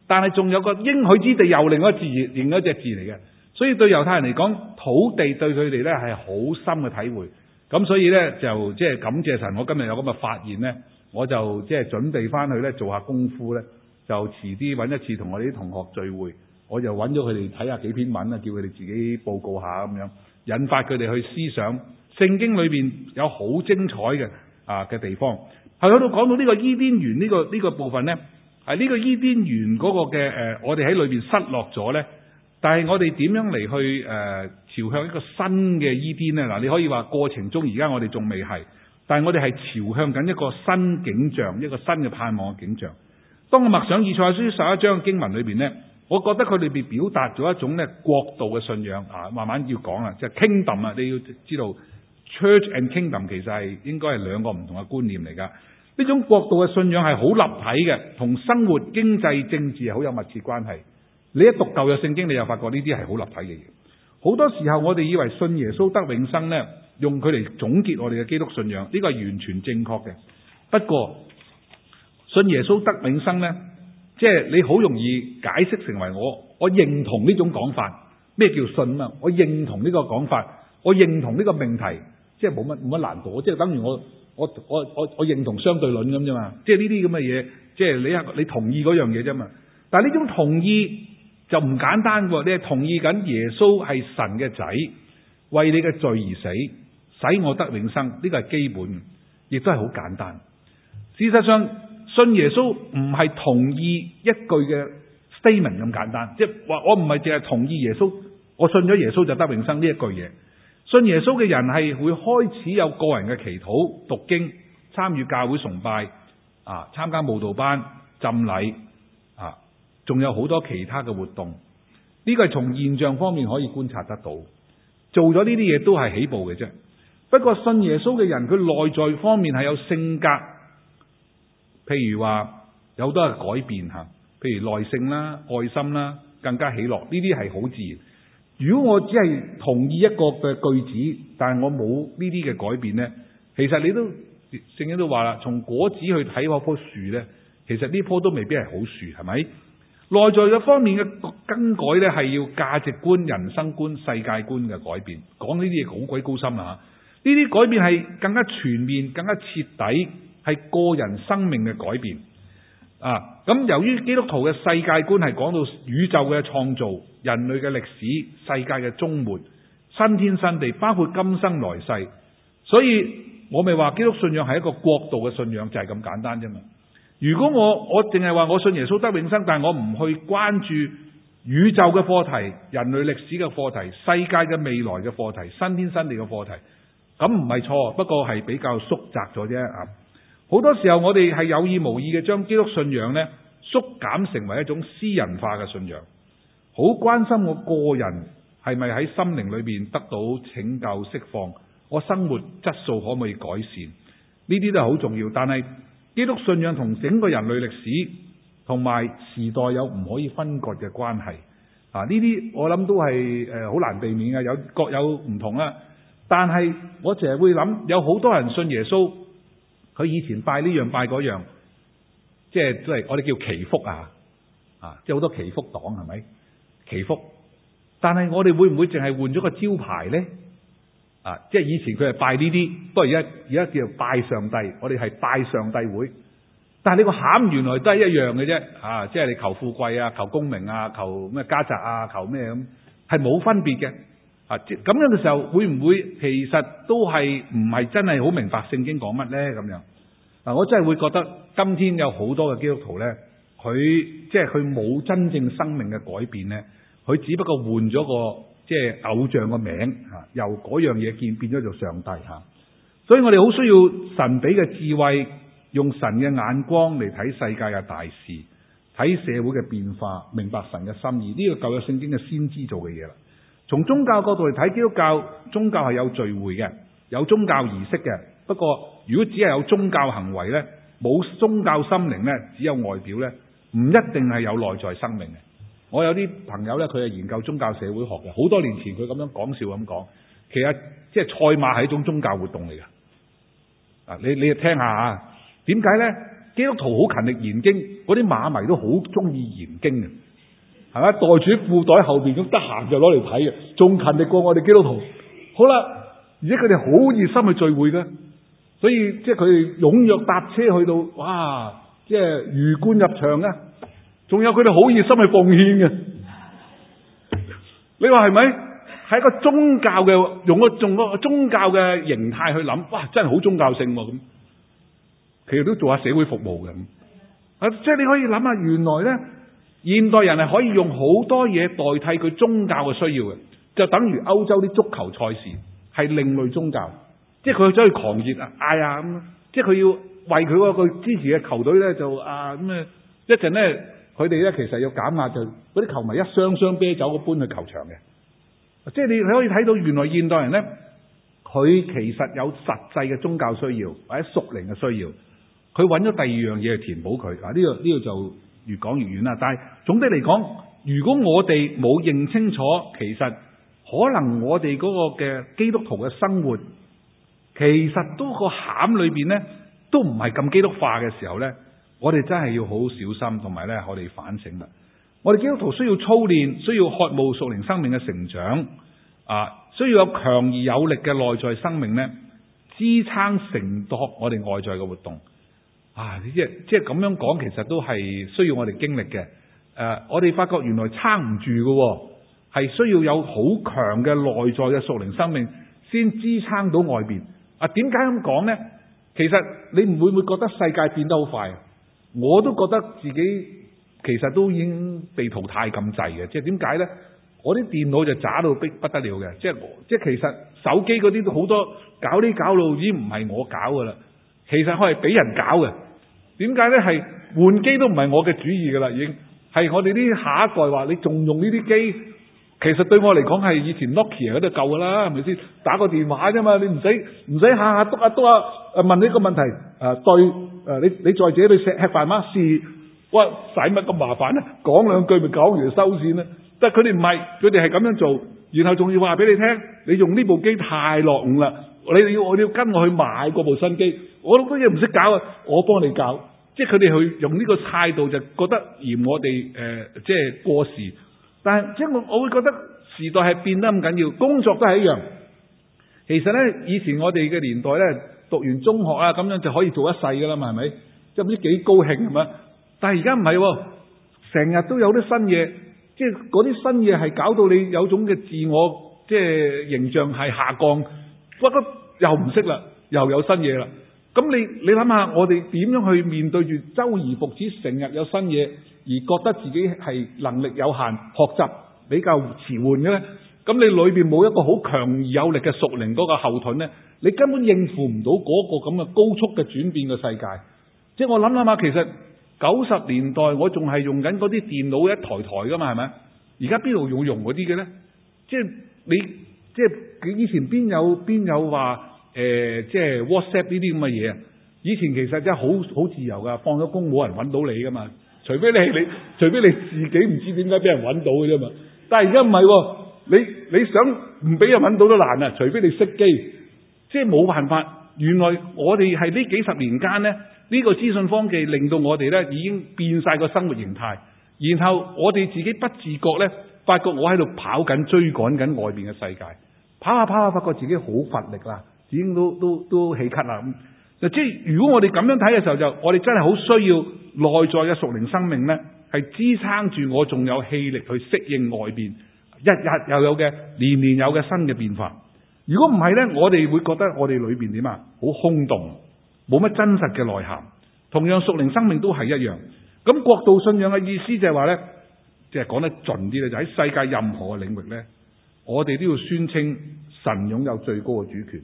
但係仲有個應許之地，又另一個字，另一隻字嚟嘅。所以對猶太人嚟講，土地對佢哋咧係好深嘅體會。咁所以咧，就即係感謝神，我今日有咁嘅發現咧。我就即係準備翻去咧做下功夫咧，就遲啲搵一次同我哋啲同學聚會，我就搵咗佢哋睇下幾篇文啊，叫佢哋自己報告下咁樣，引發佢哋去思想。聖經裏面有好精彩嘅啊嘅地方。係喺度講到呢個伊甸園呢、呢個呢、呢個部分呢。係、呢、呢個伊甸園嗰個嘅、呃、我哋喺裏面失落咗呢。但係我哋點樣嚟去誒、呃、朝向一個新嘅伊甸呢？嗱，你可以話過程中而家我哋仲未係。但係我哋係朝向緊一個新景象，一個新嘅盼望嘅景象。當我默想以賽書十一章的經文裏邊呢，我覺得佢裏邊表達咗一種咧國度嘅信仰。啊，慢慢要講啦，即係 kingdom 啊，你要知道 church and kingdom 其實係應該係兩個唔同嘅觀念嚟噶。呢種國度嘅信仰係好立體嘅，同生活、經濟、政治係好有密切關係。你一讀舊約聖經，你又發覺呢啲係好立體嘅嘢。好多時候我哋以為信耶穌得永生呢。用佢嚟總結我哋嘅基督信仰，呢個係完全正確嘅。不過信耶穌得永生呢，即係你好容易解釋成為我，我認同呢種講法。咩叫信啊？我認同呢個講法，我認同呢個命題，即係冇乜冇乜難度。即係等於我我我我認同相對論咁啫嘛。即係呢啲咁嘅嘢，即係你你同意嗰樣嘢啫嘛。但係呢種同意就唔簡單喎。你係同意緊耶穌係神嘅仔，為你嘅罪而死。使我得永生，呢個係基本，亦都係好簡單。事實上，信耶穌唔係同意一句嘅 statement 咁簡單，即係話我唔係淨係同意耶穌，我信咗耶穌就得永生呢一句嘢。信耶穌嘅人係會開始有個人嘅祈禱、讀經、參與教會崇拜啊、參加慕道班、浸禮啊，仲有好多其他嘅活動。呢個係從現象方面可以觀察得到，做咗呢啲嘢都係起步嘅啫。不過信耶穌嘅人，佢內在方面係有性格，譬如話有好多嘅改變吓，譬如耐性啦、愛心啦、更加喜樂，呢啲係好自然。如果我只係同意一個嘅句子，但係我冇呢啲嘅改變呢，其實你都聖經都話啦，從果子去睇嗰棵樹呢，其實呢棵都未必係好樹，係咪？內在嘅方面嘅更改呢？係要價值觀、人生觀、世界觀嘅改變。講呢啲嘢好鬼高深呀。呢啲改變係更加全面、更加徹底，係個人生命嘅改變啊！咁由於基督徒嘅世界觀係講到宇宙嘅創造、人類嘅歷史、世界嘅終末、新天新地，包括今生來世，所以我咪話基督信仰係一個國度嘅信仰，就係咁簡單啫嘛。如果我我淨係話我信耶穌得永生，但係我唔去關注宇宙嘅課題、人類歷史嘅課題、世界嘅未來嘅課題、新天新地嘅課題。咁唔係錯，不過係比較縮窄咗啫啊！好多時候我哋係有意無意嘅將基督信仰呢縮減成為一種私人化嘅信仰，好關心我個人係咪喺心靈裏面得到拯救釋放，我生活質素可唔可以改善？呢啲都係好重要。但係基督信仰同整個人類歷史同埋時代有唔可以分割嘅關係啊！呢啲我諗都係誒好難避免嘅，有各有唔同啦。但係我成日會諗，有好多人信耶穌，佢以前拜呢樣拜嗰樣，即係都係我哋叫祈福啊，啊，即係好多祈福黨，係咪？祈福，但係我哋會唔會淨係換咗個招牌咧？啊，即係以前佢係拜呢啲，不過而家而家叫拜上帝，我哋係拜上帝會，但係你個餡原來都係一樣嘅啫，啊，即係你求富貴啊，求功名啊，求咩家宅啊，求咩咁，係冇分別嘅。啊，咁樣嘅時候會唔會其實都係唔係真係好明白聖經講乜呢？咁樣啊，我真係會覺得今天有好多嘅基督徒呢，佢即係佢冇真正生命嘅改變呢，佢只不過換咗個即係偶像嘅名吓，由嗰樣嘢見變咗做上帝吓。所以我哋好需要神俾嘅智慧，用神嘅眼光嚟睇世界嘅大事，睇社會嘅變化，明白神嘅心意。呢、這個舊約聖經嘅先知做嘅嘢啦。從宗教角度嚟睇，基督教宗教係有聚會嘅，有宗教儀式嘅。不過，如果只係有宗教行為呢，冇宗教心靈呢，只有外表呢，唔一定係有內在生命嘅。我有啲朋友呢，佢係研究宗教社會學嘅，好多年前佢咁樣講笑咁講，其實即係賽馬係一種宗教活動嚟嘅。你你聽下，點解呢？基督徒好勤力研經，嗰啲馬迷都好中意研經嘅。係咪袋住褲袋後邊咁，得閒就攞嚟睇嘅，仲勤力過我哋基督徒。好啦，而且佢哋好熱心去聚會嘅，所以即係佢哋踴躍搭車去到，哇！即係魚貫入場啊！仲有佢哋好熱心去奉獻嘅。你話係咪？係一個宗教嘅，用嗰種個宗教嘅形態去諗，哇！真係好宗教性咁。其實都做下社會服務嘅，啊！即係你可以諗下，原來咧。現代人係可以用好多嘢代替佢宗教嘅需要嘅，就等於歐洲啲足球賽事係另類宗教，即係佢走去狂熱啊、哎呀，咁，即係佢要為佢嗰個支持嘅球隊呢，就啊咁一陣呢，佢哋呢，其實要減壓就嗰啲球迷一箱箱啤酒都搬去球場嘅，即係你你可以睇到原來現代人呢，佢其實有實際嘅宗教需要或者屬靈嘅需要，佢揾咗第二樣嘢去填補佢啊呢個呢個就。越講越遠啦，但係總體嚟講，如果我哋冇認清楚，其實可能我哋嗰個嘅基督徒嘅生活，其實個餡面都個餡裏邊呢，都唔係咁基督化嘅時候呢，我哋真係要好小心，同埋呢，我哋反省啦。我哋基督徒需要操練，需要渴慕屬靈生命嘅成長，啊，需要有強而有力嘅內在生命呢，支撐承托我哋外在嘅活動。啊！即即咁樣講，其實都係需要我哋經歷嘅。誒、呃，我哋發覺原來撐唔住嘅，係需要有好強嘅內在嘅屬靈生命先支撐到外邊。啊，點解咁講呢？其實你唔會唔會覺得世界變得好快？我都覺得自己其實都已經被淘汰咁滯嘅。即係點解呢？我啲電腦就渣到逼不得了嘅。即係即係，其實手機嗰啲都好多搞呢搞路已經唔係我搞噶啦，其實佢係俾人搞嘅。點解咧？係換機都唔係我嘅主意噶啦，已經係我哋啲下一代話，你仲用呢啲機，其實對我嚟講係以前 Nokia 嗰啲都夠噶啦，係咪先？打個電話啫嘛，你唔使唔使下下篤下篤啊？問呢個問題啊、呃？對誒、呃，你你再者去食吃飯嗎？是哇，使乜咁麻煩咧？講兩句咪講完收線咧？但係佢哋唔係，佢哋係咁樣做，然後仲要話俾你聽，你用呢部機太落伍啦。你哋要我要跟我去買嗰部新機，我好多嘢唔識搞啊！我幫你搞，即係佢哋去用呢個態度就覺得嫌我哋、呃、即係過時。但係即係我我會覺得時代係變得咁緊要，工作都係一樣。其實咧，以前我哋嘅年代咧，讀完中學啊咁樣就可以做一世噶啦嘛，係咪？即係唔知幾高興咁樣啊。但係而家唔係，成日都有啲新嘢，即係嗰啲新嘢係搞到你有種嘅自我即係形象係下降。不，又唔識啦，又有新嘢啦。咁你你諗下，我哋點樣去面對住周而復始、成日有新嘢而覺得自己係能力有限、學習比較遲緩嘅呢？咁你裏面冇一個好強而有力嘅熟齡嗰個後盾呢？你根本應付唔到嗰個咁嘅高速嘅轉變嘅世界。即係我諗諗下，其實九十年代我仲係用緊嗰啲電腦一台台噶嘛，係咪？而家邊度用用嗰啲嘅呢？即係你即係。佢以前邊有邊有話誒，即、呃、係、就是、WhatsApp 呢啲咁嘅嘢啊！以前其實真係好好自由㗎，放咗工冇人揾到你㗎嘛，除非你你，除非你自己唔知點解俾人揾到㗎啫嘛。但係而家唔係喎，你你想唔俾人揾到都難啊！除非你熄機，即係冇辦法。原來我哋係呢幾十年間呢，呢、這個資訊科技令到我哋呢已經變晒個生活形態。然後我哋自己不自覺呢，發覺我喺度跑緊、追趕緊外面嘅世界。跑下、啊、跑下、啊，發覺自己好乏力啦，已經都都都氣咳啦。嗱，即係如果我哋咁樣睇嘅時候，就我哋真係好需要內在嘅屬靈生命呢，係支撐住我仲有氣力去適應外邊日日又有嘅、年年有嘅新嘅變化。如果唔係呢，我哋會覺得我哋裏邊點啊？好空洞，冇乜真實嘅內涵。同樣屬靈生命都係一樣。咁國度信仰嘅意思就係話呢，即係講得盡啲咧，就喺、是就是、世界任何嘅領域呢。我哋都要宣稱神擁有最高嘅主權。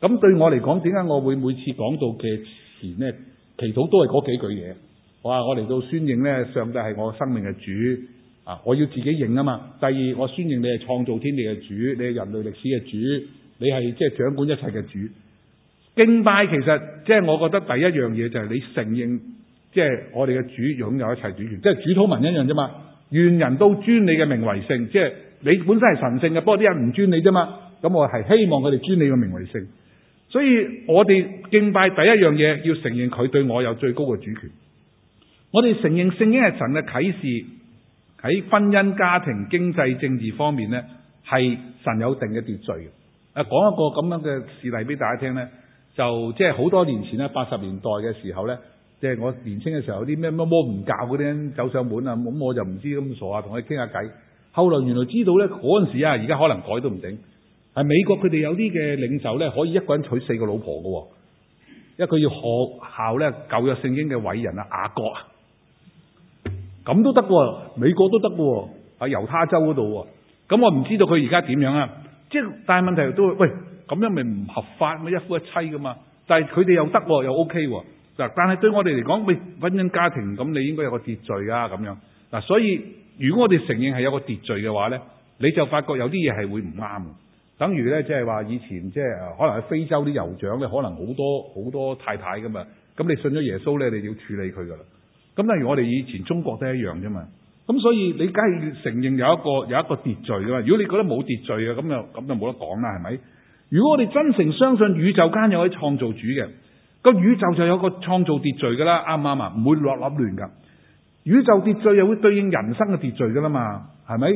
咁對我嚟講，點解我會每次講到嘅前呢？祈禱都係嗰幾句嘢？我話我嚟到宣認呢上帝係我生命嘅主啊！我要自己認啊嘛。第二，我宣認你係創造天地嘅主，你係人類歷史嘅主，你係即係掌管一切嘅主。敬拜其實即係、就是、我覺得第一樣嘢就係你承認，即、就、係、是、我哋嘅主擁有一切主權，即、就、係、是、主禱文一樣啫嘛。願人都尊你嘅名為聖，即係。你本身係神聖嘅，不過啲人唔尊你啫嘛。咁我係希望佢哋尊你嘅名為聖。所以我哋敬拜第一樣嘢，要承認佢對我有最高嘅主權。我哋承認聖經係神嘅啟示，喺婚姻、家庭、經濟、政治方面呢，係神有定嘅秩序嘅。啊，講講一個咁樣嘅事例俾大家聽呢，就即係好多年前咧，八十年代嘅時候呢，即係我年輕嘅時候，有啲咩咩摩門教嗰啲走上門啊，咁我就唔知咁傻啊，同佢傾下偈。後來原來知道咧，嗰陣時啊，而家可能改都唔定。係美國佢哋有啲嘅領袖咧，可以一個人娶四個老婆嘅，因為佢要學效咧舊約聖經嘅偉人啊雅各啊，咁都得喎。美國都得喎，喺猶他州嗰度。咁我唔知道佢而家點樣啊？即係但係問題都喂咁樣咪唔合法，咪一夫一妻噶嘛？但係佢哋又得又 OK。嗱，但係對我哋嚟講，喂婚姻家庭咁你應該有個秩序啊咁樣嗱，所以。如果我哋承認係有個秩序嘅話呢，你就發覺有啲嘢係會唔啱。等於呢，即係話以前，即係可能喺非洲啲酋長咧，可能好多好多太太噶嘛。咁你信咗耶穌呢，你要處理佢噶啦。咁例如我哋以前中國都一樣啫嘛。咁所以你梗係承認有一個有一個秩序噶嘛。如果你覺得冇秩序嘅，咁又咁就冇得講啦，係咪？如果我哋真誠相信宇宙間有位創造主嘅，個宇宙就有一個創造秩序噶啦，啱唔啱啊？唔會落笠亂噶宇宙秩序又會對應人生嘅秩序噶啦嘛，係咪？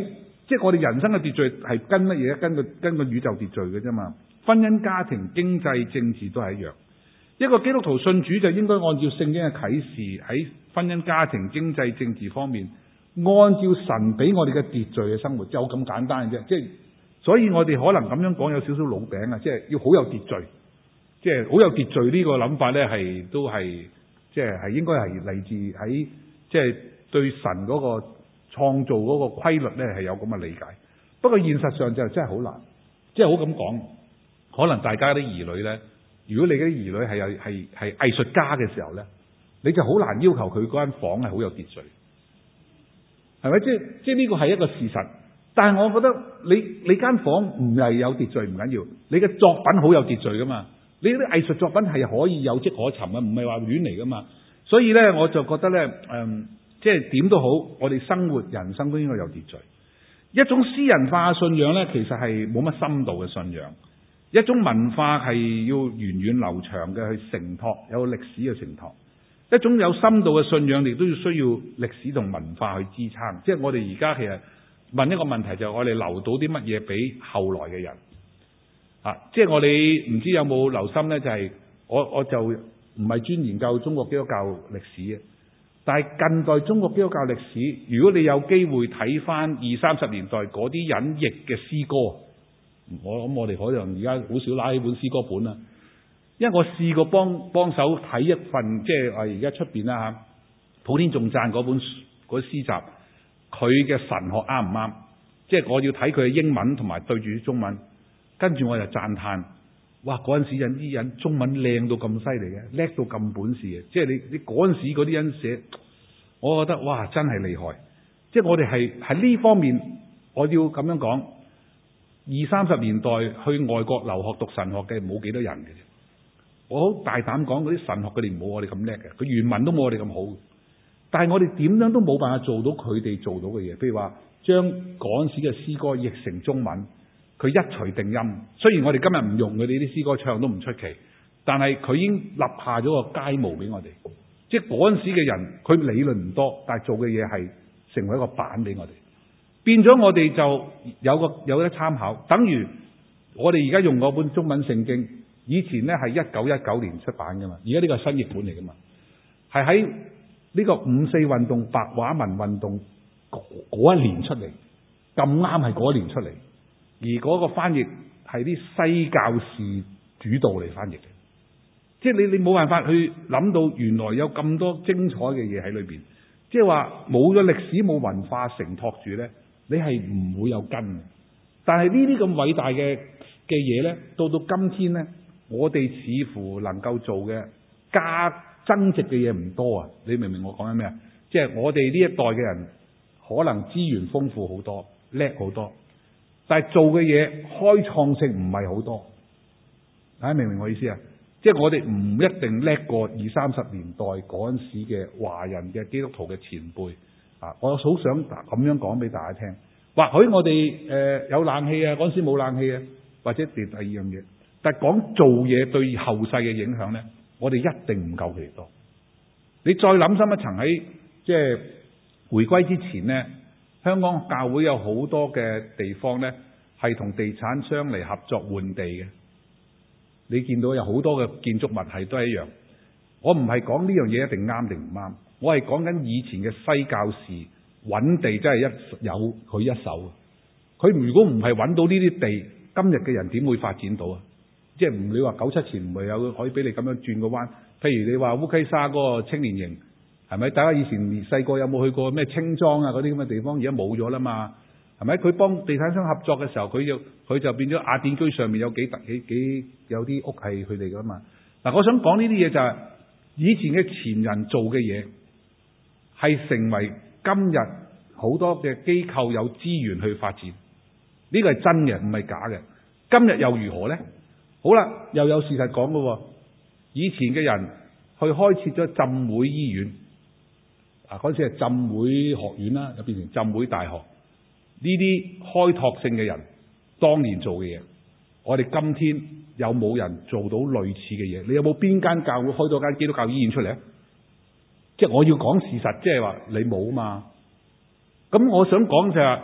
即係我哋人生嘅秩序係跟乜嘢？跟個跟個宇宙秩序嘅啫嘛。婚姻、家庭、經濟、政治都係一樣。一個基督徒信主就應該按照聖經嘅啟示喺婚姻、家庭、經濟、政治方面，按照神俾我哋嘅秩序嘅生活，就咁簡單嘅啫。即係，所以我哋可能咁樣講有少少老餅啊，即係要好有秩序，即係好有秩序呢個諗法呢，係都係，即係係應該係嚟自喺。即係對神嗰個創造嗰個規律呢，係有咁嘅理解，不過現實上就真係好難，即係好咁講，可能大家啲兒女呢，如果你啲兒女係係藝術家嘅時候呢，你就好難要求佢嗰間房係好有秩序，係咪？即係呢個係一個事實，但係我覺得你你間房唔係有秩序唔緊要，你嘅作品好有秩序噶嘛？你啲藝術作品係可以有跡可尋呀，唔係話亂嚟噶嘛？所以咧，我就覺得咧，嗯、呃，即係點都好，我哋生活人生都應該有秩序。一種私人化信仰咧，其實係冇乜深度嘅信仰。一種文化係要源遠流長嘅去承托，有歷史嘅承托。一種有深度嘅信仰，亦都要需要歷史同文化去支撐。即係我哋而家其實問一個問題，就係我哋留到啲乜嘢俾後來嘅人啊？即係我哋唔知有冇留心咧？就係、是、我我就。唔係專研究中國基督教歷史嘅，但係近代中國基督教歷史，如果你有機會睇翻二三十年代嗰啲引譯嘅詩歌，我諗我哋可能而家好少拉起本詩歌本啦。因為我試過幫幫手睇一份，即係而家出邊啦嚇，《普天頌讚》嗰本嗰詩集，佢嘅神學啱唔啱？即係我要睇佢嘅英文同埋對住中文，跟住我就讚歎。哇！嗰陣時有啲人中文靚到咁犀利嘅，叻到咁本事嘅，即係你你嗰陣時嗰啲人寫，我覺得哇，真係厲害！即係我哋係喺呢方面，我要咁樣講，二三十年代去外國留學讀神學嘅冇幾多人嘅啫。我好大膽講，嗰啲神學嗰啲唔好我哋咁叻嘅，佢原文都冇我哋咁好。但係我哋點樣都冇辦法做到佢哋做到嘅嘢，譬如話將嗰陣時嘅詩歌譯成中文。佢一錘定音，雖然我哋今日唔用佢哋啲詩歌唱都唔出奇，但係佢已經立下咗個佳模俾我哋。即係嗰陣時嘅人，佢理論唔多，但係做嘅嘢係成為一個版，俾我哋，變咗我哋就有一個有得參考。等於我哋而家用嗰本中文聖經，以前咧係一九一九年出版噶嘛，而家呢個係新譯本嚟噶嘛，係喺呢個五四運動、白話文運動嗰一年出嚟，咁啱係嗰一年出嚟。而嗰個翻譯係啲西教士主導嚟翻譯嘅，即係你你冇辦法去諗到原來有咁多精彩嘅嘢喺裏面。即係話冇咗歷史冇文化承托住呢，你係唔會有根。但係呢啲咁偉大嘅嘅嘢呢，到到今天呢，我哋似乎能夠做嘅加增值嘅嘢唔多啊！你明唔明我講緊咩啊？即係我哋呢一代嘅人，可能資源豐富好多，叻好多。但係做嘅嘢，開創性唔係好多，大家明唔明我意思啊？即係我哋唔一定叻過二三十年代嗰陣時嘅華人嘅基督徒嘅前輩啊！我好想咁樣講俾大家聽，或許我哋誒，有冷氣啊，嗰陣時冇冷氣啊，或者第第二樣嘢。但係講做嘢對後世嘅影響呢，我哋一定唔夠其多。你再諗深一層，喺即係回歸之前呢，香港教會有好多嘅地方呢，係同地產商嚟合作換地嘅。你見到有好多嘅建築物係都係一樣。我唔係講呢樣嘢一定啱定唔啱，我係講緊以前嘅西教士揾地真係一有佢一手。佢如果唔係揾到呢啲地，今日嘅人點會發展到啊？即係唔會話九七前唔係有可以俾你咁樣轉個彎。譬如你話烏溪沙嗰個青年營。係咪？大家以前細個有冇去過咩青莊啊嗰啲咁嘅地方？而家冇咗啦嘛。係咪？佢幫地產商合作嘅時候，佢要佢就變咗亞典居上面有幾特幾，幾有啲屋係佢哋噶嘛。嗱、啊，我想講呢啲嘢就係、是、以前嘅前人做嘅嘢，係成為今日好多嘅機構有資源去發展。呢個係真嘅，唔係假嘅。今日又如何呢？好啦，又有事實講噶喎。以前嘅人去開設咗浸會醫院。嗰陣時係浸會學院啦，又變成浸會大學。呢啲開拓性嘅人當年做嘅嘢，我哋今天有冇人做到類似嘅嘢？你有冇邊間教會開咗間基督教醫院出嚟啊？即係我要講事實，即係話你冇啊嘛？咁我想講就係、是，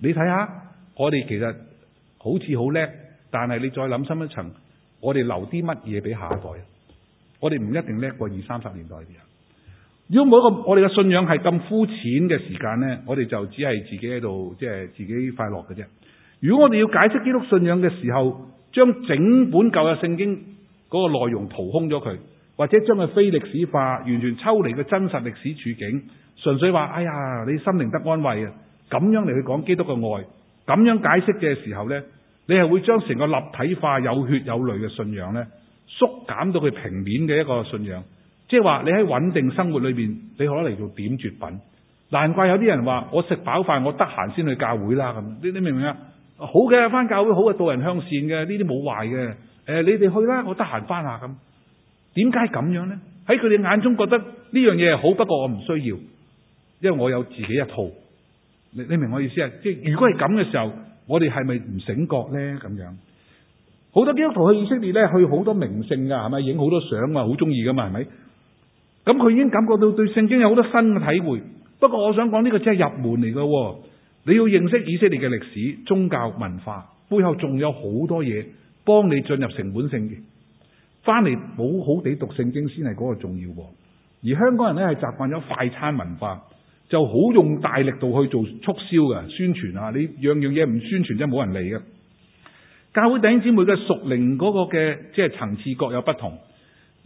你睇下我哋其實好似好叻，但係你再諗深一層，我哋留啲乜嘢俾下一代？啊，我哋唔一定叻過二三十年代啲人。如果冇一個我哋嘅信仰係咁膚淺嘅時間咧，我哋就只係自己喺度即係自己快樂嘅啫。如果我哋要解釋基督信仰嘅時候，將整本舊嘅聖經嗰個內容掏空咗佢，或者將佢非歷史化，完全抽離嘅真實歷史處境，純粹話哎呀，你心靈得安慰啊！咁樣嚟去講基督嘅愛，咁樣解釋嘅時候咧，你係會將成個立體化、有血有淚嘅信仰咧，縮減到佢平面嘅一個信仰。即係話你喺穩定生活裏面，你可能嚟做點絕品。難怪有啲人話：我食飽飯，我得閒先去教會啦。咁你你明唔明啊？好嘅，翻教會好嘅，導人向善嘅，呢啲冇壞嘅。呃，你哋去啦，我得閒翻下咁。點解咁樣呢？喺佢哋眼中覺得呢樣嘢好，不過我唔需要，因為我有自己一套。你你明我意思啊？即係如果係咁嘅時候，我哋係咪唔醒覺呢？咁樣好多基督徒去以色列咧，去好多名勝㗎，係咪？影好多相啊，好中意㗎嘛，係咪？咁佢已經感覺到對聖經有好多新嘅體會。不過我想講呢個真係入門嚟嘅喎，你要認識以色列嘅歷史、宗教、文化，背後仲有好多嘢幫你進入成本聖經。翻嚟好好地讀聖經先係嗰個重要。而香港人呢，係習慣咗快餐文化，就好用大力度去做促銷嘅宣傳啊！你樣樣嘢唔宣傳真係冇人理嘅。教會弟兄姊妹嘅屬靈嗰個嘅即係層次各有不同。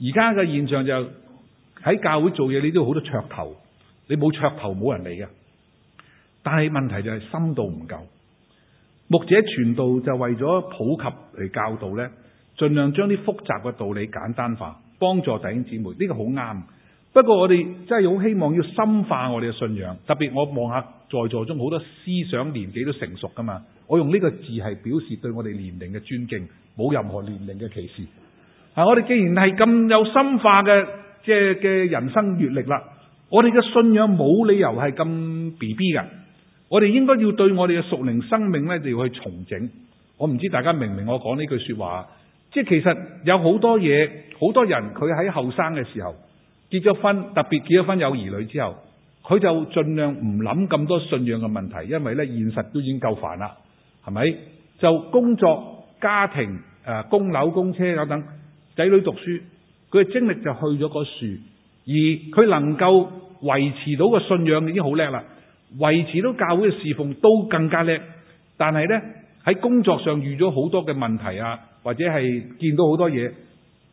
而家嘅現象就是喺教會做嘢，你都好多噱頭，你冇噱頭冇人理嘅。但係問題就係、是、深度唔夠。牧者傳道就為咗普及嚟教導呢，盡量將啲複雜嘅道理簡單化，幫助弟兄姊妹。呢、這個好啱。不過我哋真係好希望要深化我哋嘅信仰。特別我望下在座中好多思想年紀都成熟噶嘛。我用呢個字係表示對我哋年齡嘅尊敬，冇任何年齡嘅歧視。啊，我哋既然係咁有深化嘅。即嘅人生閱歷啦，我哋嘅信仰冇理由係咁 B B 嘅，我哋應該要對我哋嘅屬靈生命咧，就要去重整。我唔知大家明唔明我講呢句說話？即係其實有好多嘢，好多人佢喺後生嘅時候結咗婚，特別結咗婚有兒女之後，佢就盡量唔諗咁多信仰嘅問題，因為咧現實都已經夠煩啦，係咪？就工作、家庭、誒、呃、供樓、供車等等，仔女讀書。佢嘅精力就去咗個樹，而佢能夠維持到個信仰已經好叻啦，維持到教會嘅侍奉都更加叻。但係呢，喺工作上遇咗好多嘅問題啊，或者係見到好多嘢。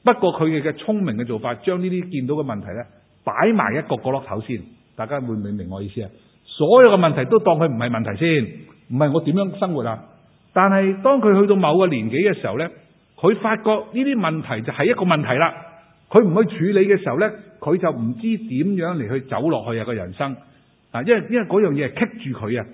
不過佢哋嘅聰明嘅做法，將呢啲見到嘅問題呢擺埋一個角落頭先，大家會唔會明我意思啊？所有嘅問題都當佢唔係問題先，唔係我點樣生活啊？但係當佢去到某個年紀嘅時候呢，佢發覺呢啲問題就係一個問題啦。佢唔去處理嘅時候呢，佢就唔知點樣嚟去走落去啊！個人生啊，因為因為嗰樣嘢係棘住佢啊，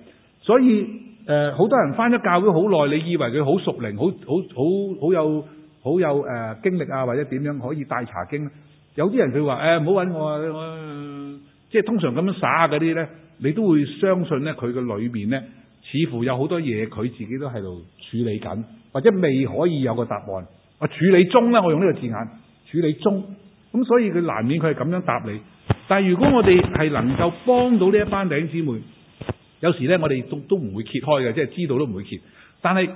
所以誒，好、呃、多人返咗教會好耐，你以為佢好熟靈，好好好有好有誒、呃、經歷啊，或者點樣可以帶查經？有啲人佢話：唔好揾我啊、呃！即係通常咁樣耍嗰啲呢，你都會相信呢。」佢嘅裏面呢，似乎有好多嘢佢自己都喺度處理緊，或者未可以有個答案。處理中呢，我用呢個字眼。處理中，咁所以佢難免佢係咁樣答你。但係如果我哋係能夠幫到呢一班弟兄姊妹，有時呢，我哋都都唔會揭開嘅，即係知道都唔會揭。但係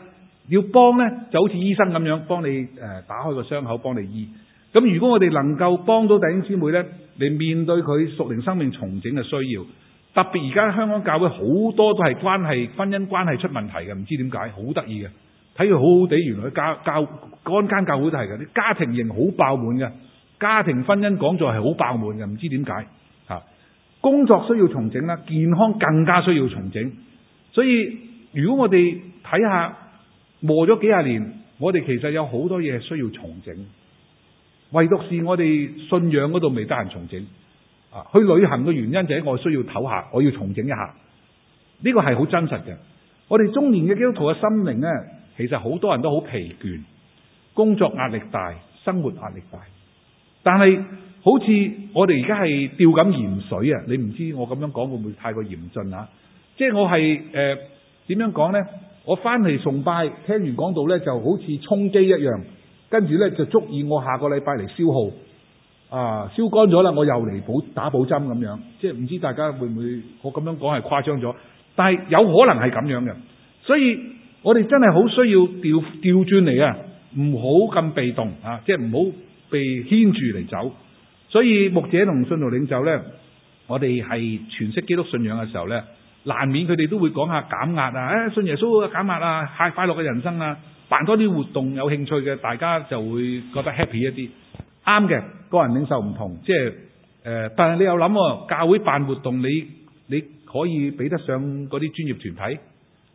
要幫呢，就好似醫生咁樣幫你、呃、打開個傷口，幫你醫。咁如果我哋能夠幫到弟兄姊妹呢，你面對佢屬靈生命重整嘅需要，特別而家香港教會好多都係關係婚姻關係出問題嘅，唔知點解好得意嘅。睇佢好好地，原來教教間教會都係嘅，啲家庭型好爆滿嘅，家庭婚姻講座係好爆滿嘅，唔知點解啊？工作需要重整啦，健康更加需要重整。所以如果我哋睇下磨咗幾廿年，我哋其實有好多嘢需要重整，唯獨是我哋信仰嗰度未得閒重整啊！去旅行嘅原因就係我需要唞下，我要重整一下，呢、這個係好真實嘅。我哋中年嘅基督徒嘅心靈呢。其實好多人都好疲倦，工作壓力大，生活壓力大。但係好似我哋而家係吊緊鹽水啊！你唔知我咁樣講會唔會太過嚴峻啊？即係我係誒點樣講呢？我翻嚟，崇拜，聽完講道呢就好似充機一樣，跟住呢就足以我下個禮拜嚟消耗啊、呃！燒乾咗啦，我又嚟補打保針咁樣。即係唔知大家會唔會我咁樣講係誇張咗？但係有可能係咁樣嘅，所以。我哋真係好需要調轉嚟啊！唔好咁被動啊，即係唔好被牽住嚟走。所以牧者同信徒領袖呢，我哋係詮釋基督信仰嘅時候呢，難免佢哋都會講下減壓啊，信耶穌減壓啊，快快樂嘅人生啊，辦多啲活動，有興趣嘅大家就會覺得 happy 一啲。啱嘅個人領袖唔同，即係、呃、但係你有諗，教會辦活動，你你可以比得上嗰啲專業團體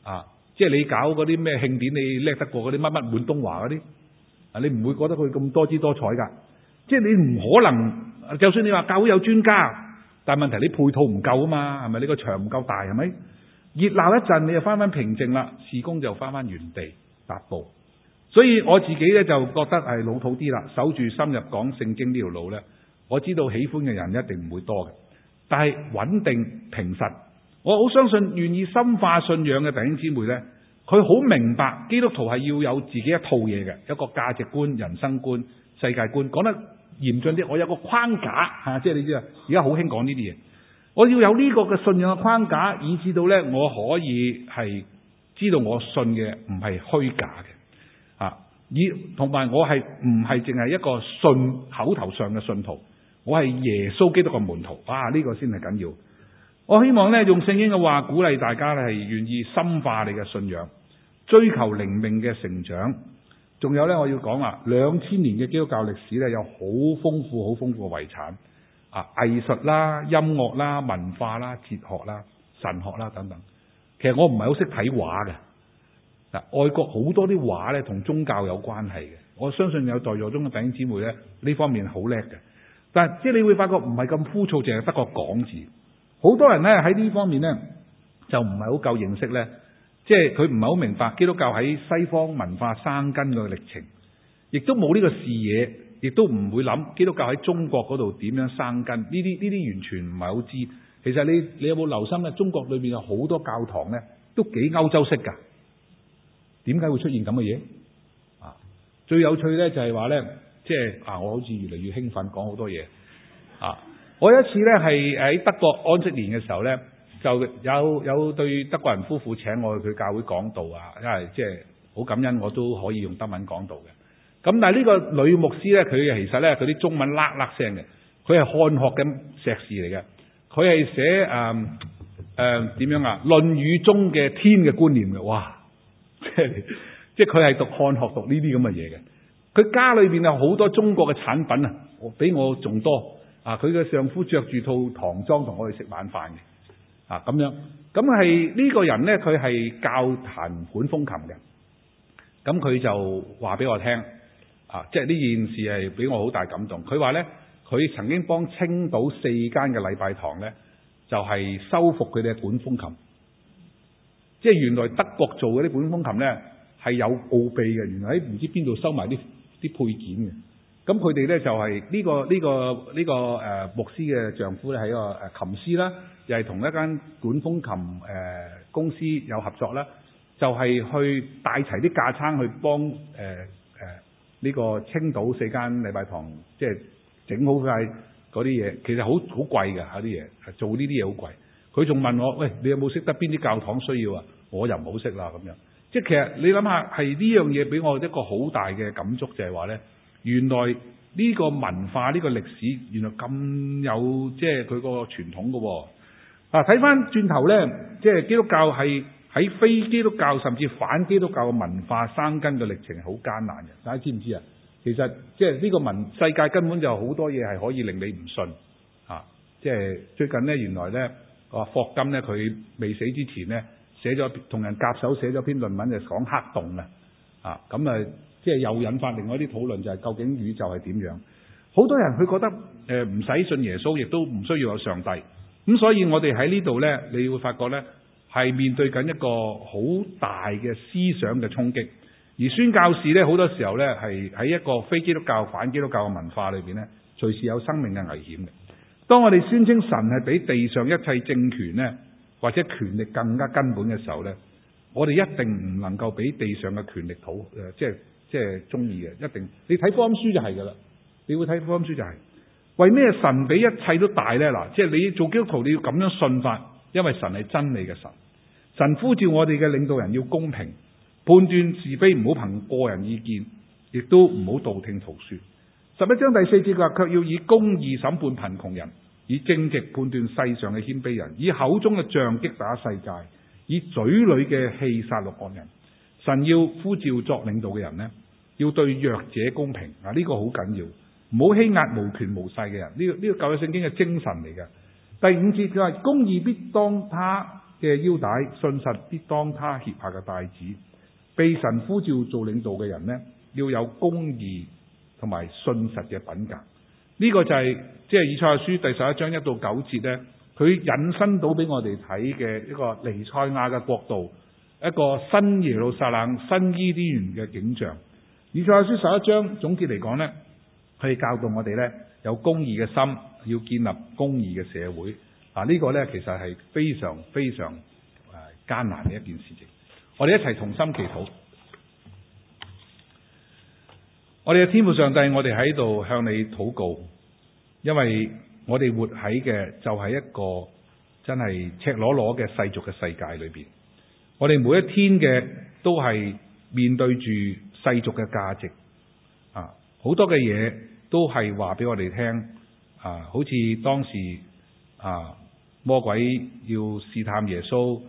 啊？即係你搞嗰啲咩慶典你，你叻得過嗰啲乜乜滿東華嗰啲啊？你唔會覺得佢咁多姿多彩㗎。即係你唔可能，就算你話教會有專家，但係問題你配套唔夠啊嘛，係咪？你個場唔夠大，係咪？熱鬧一陣，你就翻翻平靜啦，事工就翻翻原地踏步。所以我自己咧就覺得係老土啲啦，守住深入講聖經呢條路咧，我知道喜歡嘅人一定唔會多嘅，但係穩定平實。我好相信願意深化信仰嘅弟兄姊妹呢，佢好明白基督徒係要有自己一套嘢嘅，一個價值觀、人生觀、世界觀。講得嚴峻啲，我有個框架吓，啊，即係你知啊，而家好興講呢啲嘢。我要有呢個嘅信仰嘅框架，以至到呢，我可以係知道我信嘅唔係虛假嘅啊，以同埋我係唔係淨係一個信口頭上嘅信徒，我係耶穌基督嘅門徒啊，呢、這個先係緊要。我希望咧用聖經嘅話鼓勵大家咧係願意深化你嘅信仰，追求靈命嘅成長。仲有咧，我要講啊，兩千年嘅基督教歷史咧有好豐富、好豐富嘅遺產啊，藝術啦、音樂啦、文化啦、哲學啦、神學啦等等。其實我唔係好識睇畫嘅，外國好多啲畫咧同宗教有關係嘅。我相信有在座中嘅弟兄姊妹咧呢方面好叻嘅，但係即係你會發覺唔係咁枯燥，淨係得個講字。好多人咧喺呢方面咧就唔係好夠認識咧，即係佢唔係好明白基督教喺西方文化生根嘅歷程，亦都冇呢個視野，亦都唔會諗基督教喺中國嗰度點樣生根。呢啲呢啲完全唔係好知。其實你你有冇留心咧？中國裏面有好多教堂咧，都幾歐洲式噶。點解會出現咁嘅嘢？啊，最有趣咧就係話咧，即係啊，我好似越嚟越興奮，講好多嘢啊。我一次咧係喺德國安息年嘅時候咧，就有有對德國人夫婦請我去佢教會講道啊，因為即係好感恩，我都可以用德文講道嘅。咁但係呢個女牧師咧，佢其實咧佢啲中文喇喇聲嘅，佢係漢學嘅碩士嚟嘅，佢係寫誒誒點樣啊《論語》中嘅天嘅觀念嘅，哇！即係即係佢係讀漢學讀呢啲咁嘅嘢嘅，佢家裏邊有好多中國嘅產品啊，比我仲多。啊！佢嘅丈夫着住套唐裝同我去食晚飯嘅，啊咁樣，咁係呢個人呢，佢係教彈管風琴嘅，咁佢就話俾我聽，啊，即係呢件事係俾我好大感動。佢話呢，佢曾經幫青島四間嘅禮拜堂呢，就係修復佢哋嘅管風琴，即係原來德國做嗰啲管風琴呢，係有奧秘嘅，原來喺唔知邊度收埋啲啲配件嘅。咁佢哋咧就係呢、呢個呢、呢個呢、呢個、呃、牧師嘅丈夫咧，係一個、啊、琴師啦，又係同一間管風琴、呃、公司有合作啦，就係、係、去帶齊啲架撐去幫呢、呃呃呢個青島四間禮拜堂，即係整好晒嗰啲嘢。其實好好貴嘅啲嘢，做呢啲嘢好貴。佢仲問我：喂，你有冇識得邊啲教堂需要啊？我又唔好識啦咁樣。即係其實你諗下，係呢樣嘢俾我一個好大嘅感觸，就係話咧。原來呢個文化呢、呢個歷史原來咁有即係佢個傳統㗎喎、哦。睇翻轉頭呢，即係基督教係喺非基督教甚至反基督教嘅文化生根嘅歷程係好艱難嘅。大家知唔知啊？其實即係呢、呢個文世界根本就好多嘢係可以令你唔信啊！即係最近呢，原來呢，霍金呢，佢未死之前呢，寫咗同人夾手寫咗篇論文，就講黑洞嘅啊！咁、嗯、啊～即係又引發另外一啲討論，就係究竟宇宙係點樣？好多人佢覺得誒唔使信耶穌，亦都唔需要有上帝。咁所以我哋喺呢度呢，你會發覺呢係面對緊一個好大嘅思想嘅衝擊。而宣教士呢，好多時候呢係喺一個非基督教反基督教嘅文化裏邊呢，隨時有生命嘅危險嘅。當我哋宣稱神係比地上一切政權呢，或者權力更加根本嘅時候呢，我哋一定唔能夠俾地上嘅權力討誒，即係。即係中意嘅，一定你睇福音書就係噶啦，你會睇福音書就係。為咩神比一切都大呢？嗱，即係你做基督徒你要咁樣信法，因為神係真理嘅神。神呼召我哋嘅領導人要公平判斷是非唔好憑個人意見，亦都唔好道聽途說。十一章第四節話：，卻要以公義審判貧窮人，以正直判斷世上嘅謙卑人，以口中嘅杖擊打世界，以嘴裡嘅氣殺戮惡人。神要呼召作領導嘅人呢。」要對弱者公平，嗱、這、呢個好緊要，唔好欺壓無權無勢嘅人。呢、這個呢、這個是舊約聖經嘅精神嚟嘅。第五節就話、是、公義必當他嘅腰帶，信實必當他脅下嘅帶子。被神呼召做領導嘅人呢，要有公義同埋信實嘅品格。呢、這個就係、是、即係以賽亞書第十一章一到九節呢，佢引申到俾我哋睇嘅一個彌賽亞嘅國度，一個新耶路撒冷、新伊甸園嘅景象。《以賽亞書》十一章總結嚟講咧，係教導我哋呢有公義嘅心，要建立公義嘅社會。嗱、啊，呢、這個呢其實係非常非常誒艱難嘅一件事情。我哋一齊同心祈禱，我哋嘅天父上帝，我哋喺度向你禱告，因為我哋活喺嘅就係一個真係赤裸裸嘅世俗嘅世界裏邊。我哋每一天嘅都係面對住。世俗嘅價值啊，啊，好多嘅嘢都係話俾我哋聽啊，好似當時啊魔鬼要試探耶穌，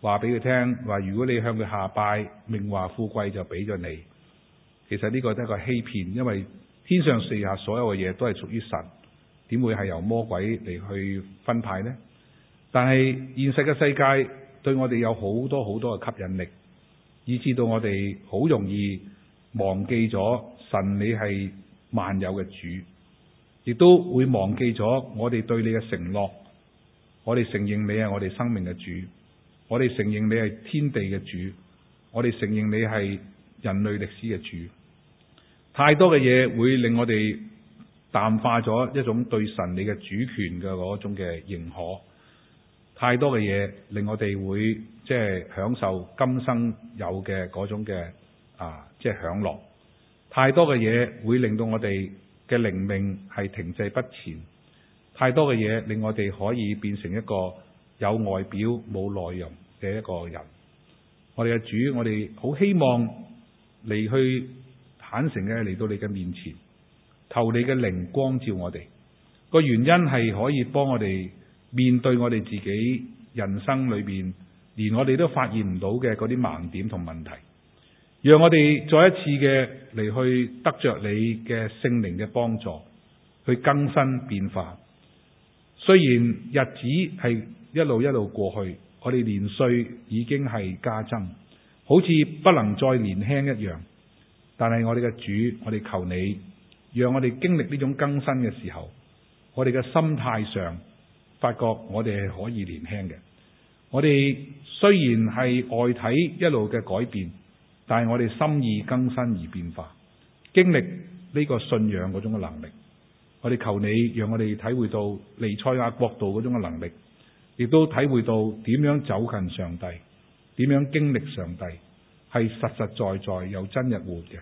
話俾佢聽話，如果你向佢下拜，榮華富貴就俾咗你。其實呢個都係一個欺騙，因為天上四下所有嘅嘢都係屬於神，點會係由魔鬼嚟去分派呢？但係現實嘅世界對我哋有好多好多嘅吸引力，以至到我哋好容易。忘記咗神你係萬有嘅主，亦都會忘記咗我哋對你嘅承諾。我哋承認你係我哋生命嘅主，我哋承認你係天地嘅主，我哋承認你係人類歷史嘅主。太多嘅嘢會令我哋淡化咗一種對神你嘅主權嘅嗰種嘅認可。太多嘅嘢令我哋會即係、就是、享受今生有嘅嗰種嘅。啊！即係享樂，太多嘅嘢會令到我哋嘅靈命係停滯不前，太多嘅嘢令我哋可以變成一個有外表冇內容嘅一個人。我哋嘅主，我哋好希望你去坦誠嘅嚟到你嘅面前，求你嘅靈光照我哋。個原因係可以幫我哋面對我哋自己人生裏邊，連我哋都發現唔到嘅嗰啲盲點同問題。讓我哋再一次嘅嚟去得着你嘅聖靈嘅幫助，去更新變化。雖然日子係一路一路過去，我哋年歲已經係加增，好似不能再年輕一樣。但係我哋嘅主，我哋求你，讓我哋經歷呢種更新嘅時候，我哋嘅心態上發覺我哋係可以年輕嘅。我哋雖然係外體一路嘅改變。但係我哋心意更新而變化，經歷呢個信仰嗰種嘅能力，我哋求你讓我哋體會到彌賽亞國度嗰種嘅能力，亦都體會到點樣走近上帝，點樣經歷上帝係實實在在又真日活嘅。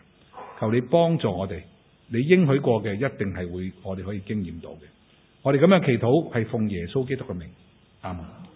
求你幫助我哋，你應許過嘅一定係會我哋可以經驗到嘅。我哋咁樣祈禱係奉耶穌基督嘅名，阿門。